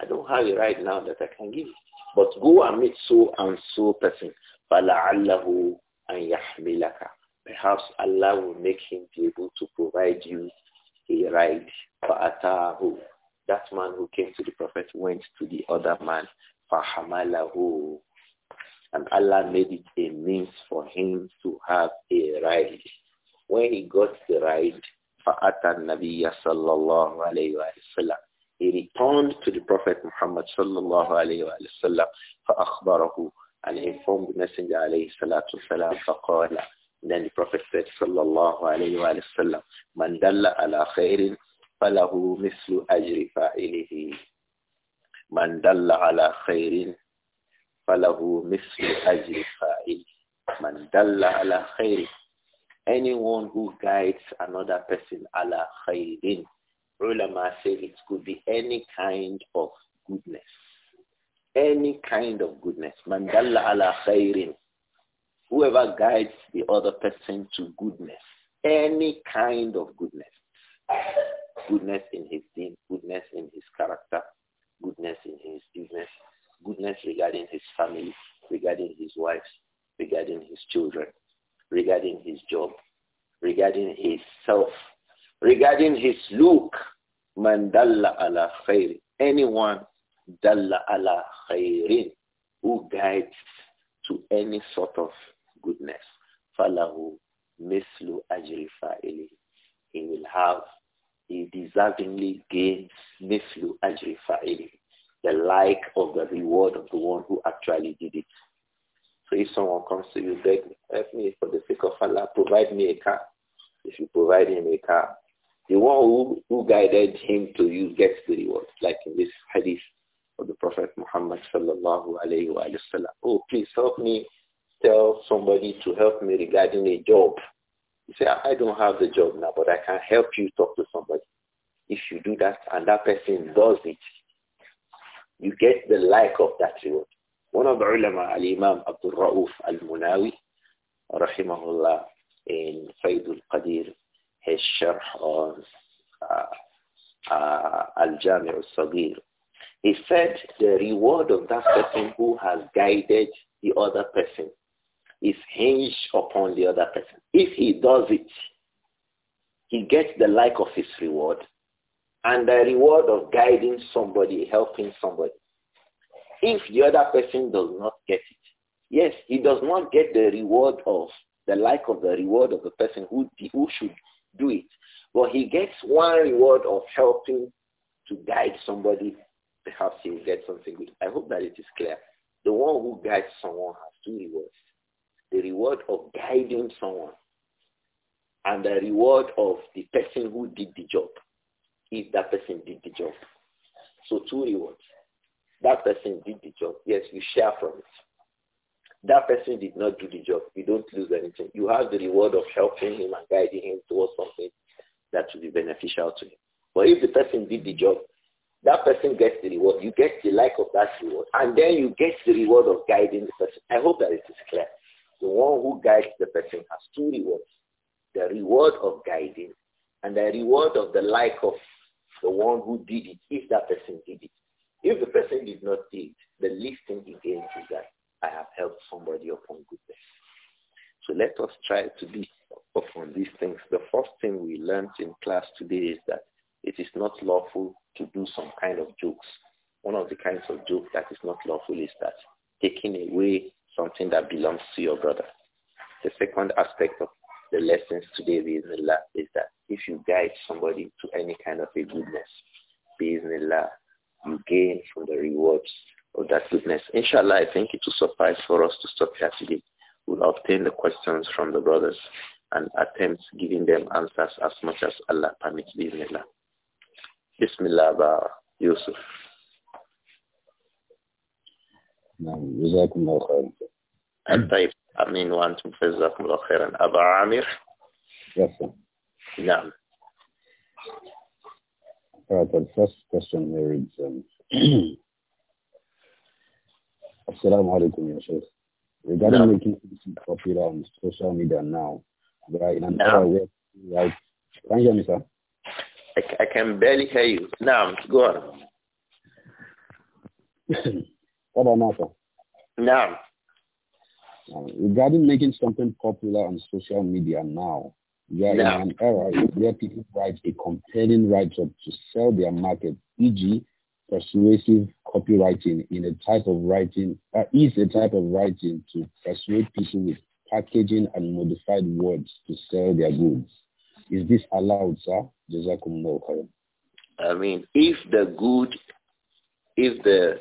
I don't have a ride now that I can give you. But go and meet so and so person. Perhaps Allah will make him be able to provide you a ride. That man who came to the Prophet went to the other man. who And Allah made it a means for him to have a ride. When he got the ride, فَأَتَى النَّبِيَّ صَلَّى اللَّهُ عَلَيْهِ وَسَلَّمَ he returned to the Prophet Muhammad sallallahu alayhi wa sallam فأخبره and informed the Messenger alayhi salatu فقال Then the Prophet said sallallahu alayhi wa sallam من دل على خير فله مثل أجر فاعله من دل على خير فله مثل أجر فاعله من دل على خير Anyone who guides another person ala khairin Ulama say it could be any kind of goodness. Any kind of goodness. Mandalla ala khairin. Whoever guides the other person to goodness. Any kind of goodness. Goodness in his deed, goodness in his character, goodness in his business, goodness regarding his family, regarding his wife, regarding his children, regarding his job, regarding his self, regarding his look, man dalla ala khayr, anyone dalla ala khayrin, who guides to any sort of goodness, falahu mislu ajri fa'ili. He will have, he deservingly gains mislu ajri fa'ili, the like of the reward of the one who actually did it. So if someone comes to you, beg, help me for the sake of Allah, provide me a car. If you provide him a car, the one who, who guided him to you gets the reward, like in this hadith of the Prophet Muhammad sallallahu alayhi wa sallam. Oh, please help me tell somebody to help me regarding a job. You say, I don't have the job now, but I can help you talk to somebody. If you do that and that person does it, you get the like of that reward. One of the ulama, Al-Imam Abdul Ra'uf Al-Munawi, rahimahullah, in Faidul Qadir, his sharh uh, uh, Al-Jami al-Sagir. He said the reward of that person who has guided the other person is hinged upon the other person. If he does it, he gets the like of his reward and the reward of guiding somebody, helping somebody. If the other person does not get it, yes, he does not get the reward of the like of the reward of the person who, who should do it. But he gets one reward of helping to guide somebody. Perhaps he will get something good. I hope that it is clear. The one who guides someone has two rewards. The reward of guiding someone and the reward of the person who did the job, if that person did the job. So two rewards. That person did the job. Yes, you share from it that person did not do the job, you don't lose anything. You have the reward of helping him and guiding him towards something that will be beneficial to him. But if the person did the job, that person gets the reward. You get the like of that reward. And then you get the reward of guiding the person. I hope that it is clear. The one who guides the person has two rewards. The reward of guiding and the reward of the like of the one who did it, if that person did it. If the person did not do it, the least thing he gains is that I have helped somebody upon goodness. So let us try to be upon these things. The first thing we learned in class today is that it is not lawful to do some kind of jokes. One of the kinds of jokes that is not lawful is that taking away something that belongs to your brother. The second aspect of the lessons today Bismillah, is that if you guide somebody to any kind of a goodness, Bismillah, you gain from the rewards of that goodness. Inshallah, I think it will suffice for us to stop here today. We'll obtain the questions from the brothers and attempt giving them answers as much as Allah permits. Bismillah. Bismillah, ba Yusuf. جزاكم الله خيرا. طيب امين وانتم جزاكم الله خيرا ابا عامر. نعم. All right, the first question here is um, Assalamu alaikum, Regarding yeah. making something popular on social media now, in an yeah. where, can you hear me, sir? I, I can barely hear you. Now, go on. what about now, sir? Now. Um, regarding making something popular on social media now, we are in an era where people write a compelling write-up to sell their market, e.g., persuasive copywriting in a type of writing uh, is a type of writing to persuade people with packaging and modified words to sell their goods. Is this allowed, sir? Jazakumullah I mean, if the good, if the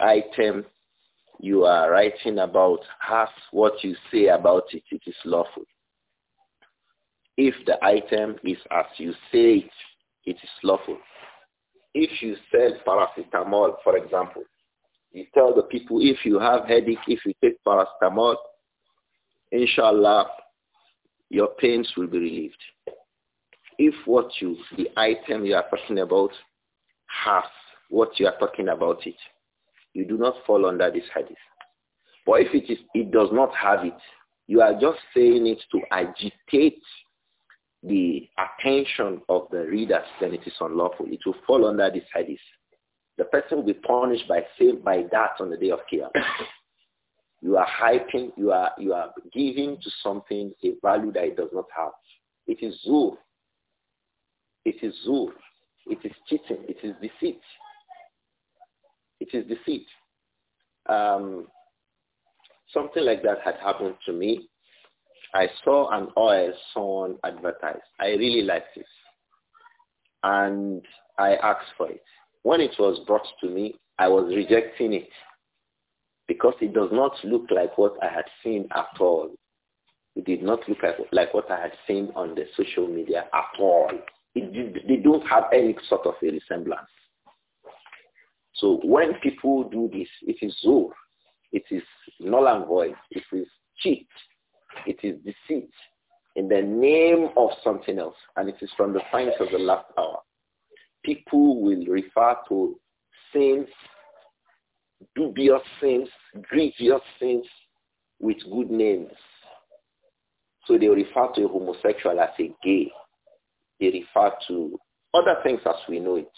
item you are writing about has what you say about it, it is lawful. If the item is as you say it, it is lawful if you sell paracetamol, for example, you tell the people, if you have headache, if you take paracetamol, inshallah, your pains will be relieved. If what you, the item you are talking about has what you are talking about it, you do not fall under this hadith. But if it, is, it does not have it, you are just saying it to agitate the attention of the readers, then it is unlawful. It will fall under this hadith. The person will be punished by by that on the day of Qiyamah. you are hyping, you are you are giving to something a value that it does not have. It is zur. It is zur. It is cheating. It is deceit. It is deceit. Um, something like that had happened to me I saw an oil someone advertised. I really liked it. And I asked for it. When it was brought to me, I was rejecting it because it does not look like what I had seen at all. It did not look like, what I had seen on the social media at all. It, they don't have any sort of a resemblance. So when people do this, it is zor, It is null and void. It is cheat it is deceit in the name of something else. And it is from the signs of the last hour. People will refer to sins, dubious sins, grievous sins with good names. So they refer to a homosexual as a gay. They refer to other things as we know it.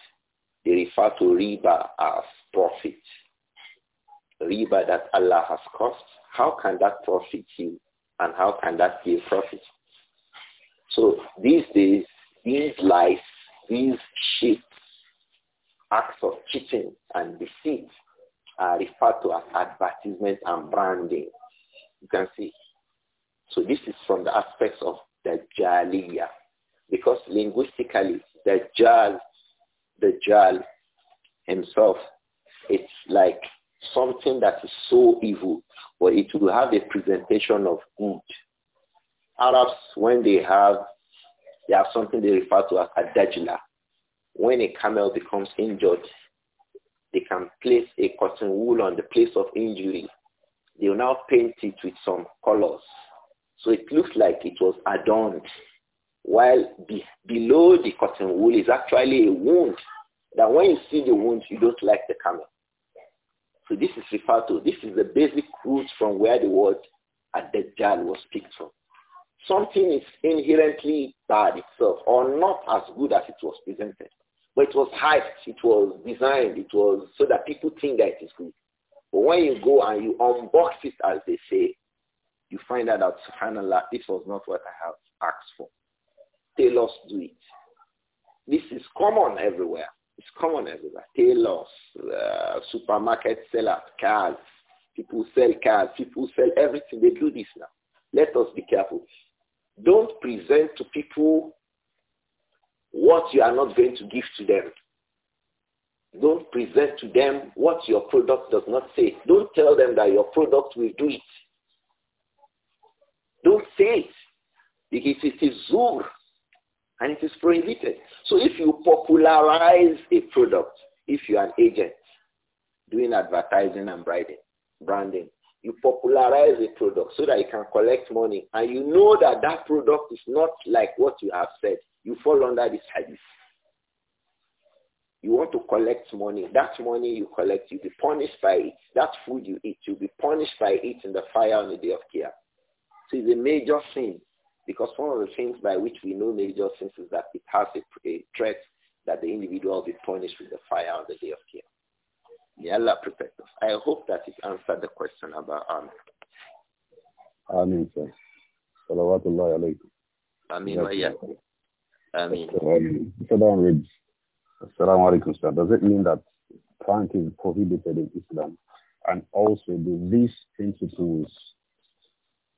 They refer to riba as profit. Riba that Allah has cost, How can that profit you? and how can that be a profit? So these days, these lies, these cheats, acts of cheating and deceit are referred to as advertisement and branding. You can see. So this is from the aspects of the Dajjaliyah. Because linguistically, the Jal, the Jal himself, it's like something that is so evil, but it will have a presentation of good. Arabs, when they have, they have something they refer to as a dajla. When a camel becomes injured, they can place a cotton wool on the place of injury. They will now paint it with some colors. So it looks like it was adorned, while be, below the cotton wool is actually a wound that when you see the wound, you don't like the camel. So this is referred to, this is the basic root from where the word ad was picked from. Something is inherently bad itself or not as good as it was presented. But it was hyped, it was designed, it was so that people think that it is good. But when you go and you unbox it, as they say, you find out that, subhanAllah, this was not what I have asked for. They lost do it. This is common everywhere. It's common everywhere. Tailors, uh, supermarket sellers, cars. People sell cars. People sell everything. They do this now. Let us be careful. Don't present to people what you are not going to give to them. Don't present to them what your product does not say. Don't tell them that your product will do it. Don't say it. Because it is zur. And it is prohibited. So if you popularize a product, if you're an agent doing advertising and branding, branding, you popularize a product so that you can collect money and you know that that product is not like what you have said. You fall under this hadith. You want to collect money. That money you collect, you'll be punished by it. That food you eat, you'll be punished by it in the fire on the day of care. So it's a major sin. Because one of the things by which we know major sins is that it has a, a threat that the individual will be punished with the fire on the day of Qiyamah. May Allah protect us. I hope that it answered the question about Amen. Amen, sir. Salawatullah alaykum. Amen Amen. Assalamu alaikum, sir. Does it mean that prank is prohibited in Islam? And also, do these principles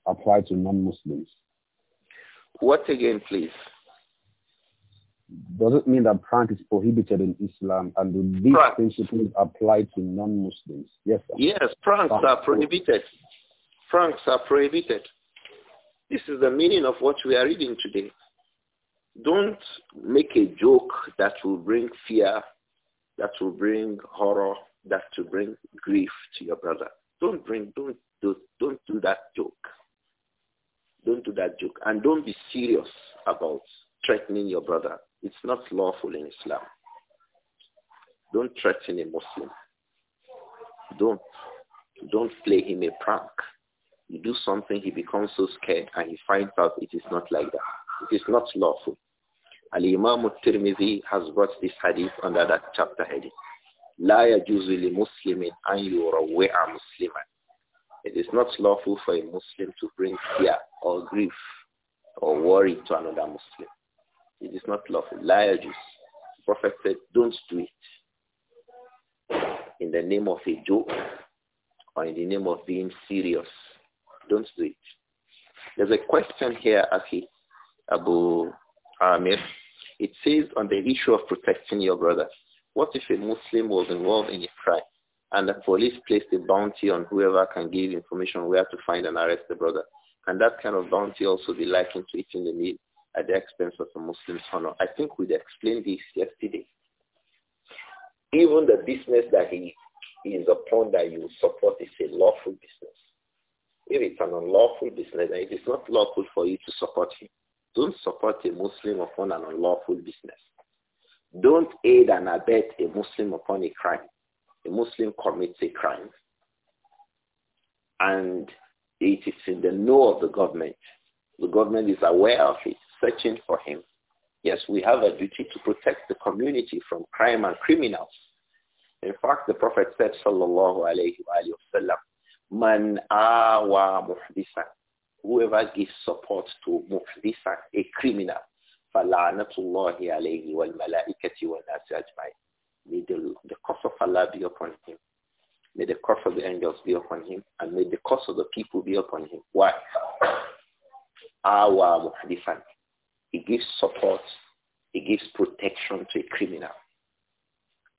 apply to non-Muslims? What again, please? Doesn't mean that prank is prohibited in Islam and these prank. principles apply to non-Muslims. Yes, sir. Yes, pranks prank. are prohibited. Pranks are prohibited. This is the meaning of what we are reading today. Don't make a joke that will bring fear, that will bring horror, that will bring grief to your brother. Don't bring, don't, don't, don't do that joke. Don't do that joke. And don't be serious about threatening your brother. It's not lawful in Islam. Don't threaten a Muslim. Don't. Don't play him a prank. You do something, he becomes so scared and he finds out it is not like that. It is not lawful. Al-Imam al-Tirmidhi has brought this hadith under that chapter heading. لا يجوز لمسلم أن يروع Muslim." It is not lawful for a Muslim to bring fear or grief or worry to another Muslim. It is not lawful. Liars, Prophet said, don't do it. In the name of a joke or in the name of being serious. Don't do it. There's a question here, Aki Abu Amir. It says on the issue of protecting your brother, what if a Muslim was involved in a crime? And the police placed a bounty on whoever can give information where to find and arrest the brother. Can that kind of bounty also be likened to eating the meat at the expense of a Muslim's honor? I think we explained this yesterday. Even the business that he is upon that you support is a lawful business. If it's an unlawful business, it is not lawful for you to support him. Don't support a Muslim upon an unlawful business. Don't aid and abet a Muslim upon a crime a Muslim commits a crime and it is in the know of the government. The government is aware of it, searching for him. Yes, we have a duty to protect the community from crime and criminals. In fact, the Prophet said, sallallahu man awa muhdisan, whoever gives support to muhdisan, a criminal, فَلَعْنَةُ اللَّهِ عَلَيْهِ وَالْمَلَائِكَةِ May the, the curse of Allah be upon him. May the curse of the angels be upon him. And may the curse of the people be upon him. Why? Our muhadifan. He gives support. He gives protection to a criminal.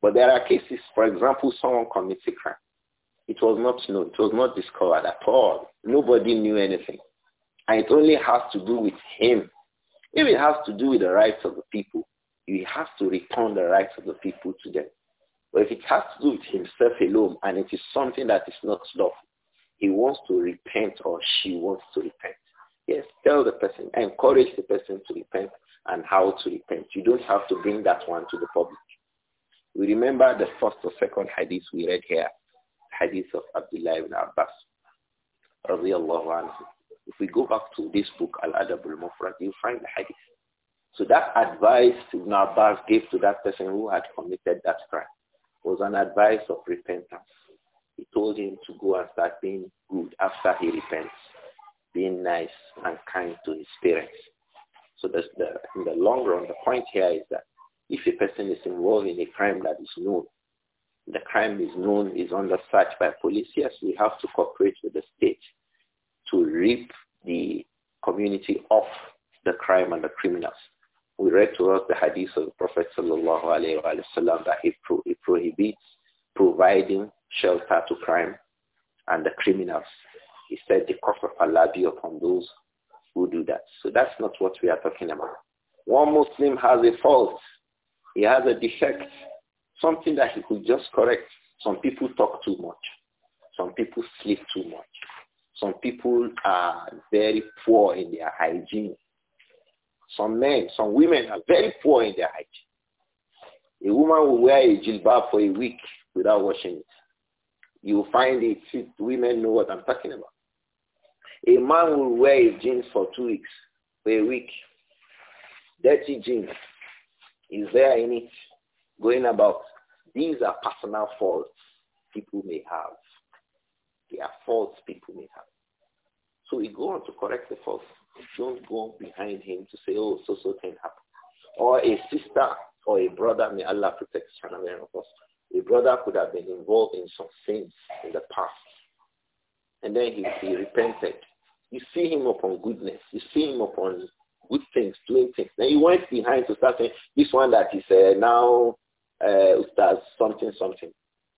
But there are cases, for example, someone commits a crime. It was not known. It was not discovered at all. Nobody knew anything. And it only has to do with him. If it has to do with the rights of the people, he has to return the rights of the people to them. But if it has to do with himself alone and it is something that is not stuff, he wants to repent or she wants to repent. Yes, tell the person, encourage the person to repent and how to repent. You don't have to bring that one to the public. We remember the first or second hadith we read here, hadith of Abdullah ibn Abbas, If we go back to this book, Al-Adab al-Mufrad, you find the hadith. So that advice Ibn gave to that person who had committed that crime was an advice of repentance. He told him to go and start being good after he repents, being nice and kind to his parents. So the, in the long run, the point here is that if a person is involved in a crime that is known, the crime is known, is under search by police, yes, we have to cooperate with the state to rip the community off the crime and the criminals we read to us the hadith of the Prophet sallallahu alaihi wasallam that he, pro he prohibits providing shelter to crime and the criminals. He said the curse of Allah be upon those who do that. So that's not what we are talking about. One Muslim has a fault. He has a defect, something that he could just correct. Some people talk too much. Some people sleep too much. Some people are very poor in their hygiene. Some men, some women are very poor in their hygiene. A woman will wear a jilbab for a week without washing it. You will find it. Women know what I'm talking about. A man will wear a jeans for two weeks, for a week. Dirty jeans. Is there any going about? These are personal faults people may have. They are faults people may have. So we go on to correct the faults. Don't go behind him to say, oh, so, so thing happened. Or a sister or a brother, may Allah protect each and of us. A brother could have been involved in some sins in the past. And then he, he repented. You see him upon goodness. You see him upon good things, doing things. Then he went behind to start saying, this one that is uh, now uh, does something, something.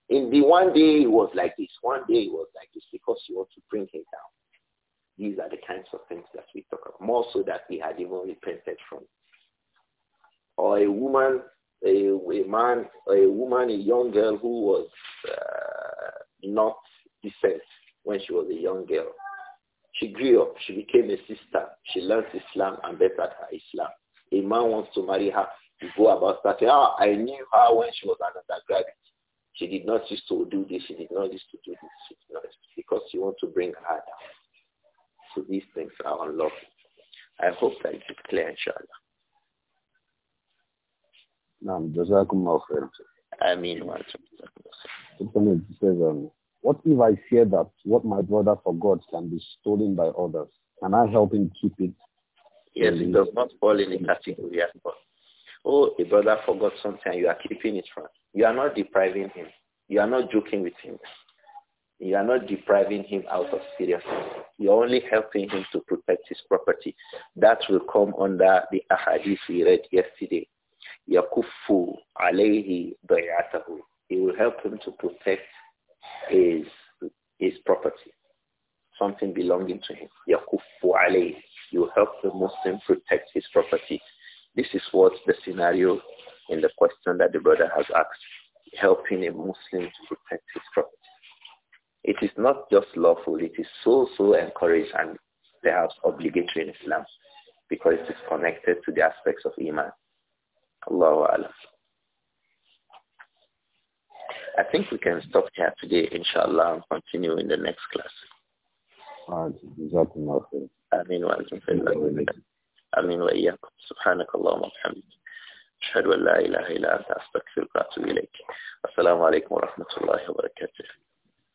In the one day he was like this, one day he was like this because you want to bring him down. These are the kinds of things that we talk about, more so that we had even repented from. Or a woman, a, a man, or a woman, a young girl who was uh, not decent when she was a young girl. She grew up. She became a sister. She learned Islam and bettered her Islam. A man wants to marry her. You go about starting. Ah, I knew her when she was an undergraduate. She did not used to do this. She did not used to do this. Because she wants to bring her down. So these things are unlawful. I hope that it is clear, inshallah. نعم جزاكم I mean what if I fear that what my brother forgot can be stolen by others? Can I help him keep it? Yes, it does not fall in the category at all. Oh, a brother forgot something you are keeping it from. You are not depriving him. You are not joking with him. You are not depriving him out of seriousness. You're only helping him to protect his property. That will come under the ahadith we read yesterday. Yakufu alayhi bayatahu. It will help him to protect his, his property, something belonging to him. Yakufu alayhi. You help the Muslim protect his property. This is what the scenario in the question that the brother has asked, helping a Muslim to protect his property. It is not just lawful, it is so, so encouraged and perhaps obligatory in Islam because it is connected to the aspects of Iman. Allahu Alam. I think we can stop here today, inshallah, and continue in the next class. Amin وأنتم في الله آمين وإياكم سبحانك اللهم وبحمدك أشهد أن لا إله إلا أنت أستغفرك وأتوب إليك السلام عليكم ورحمة الله وبركاته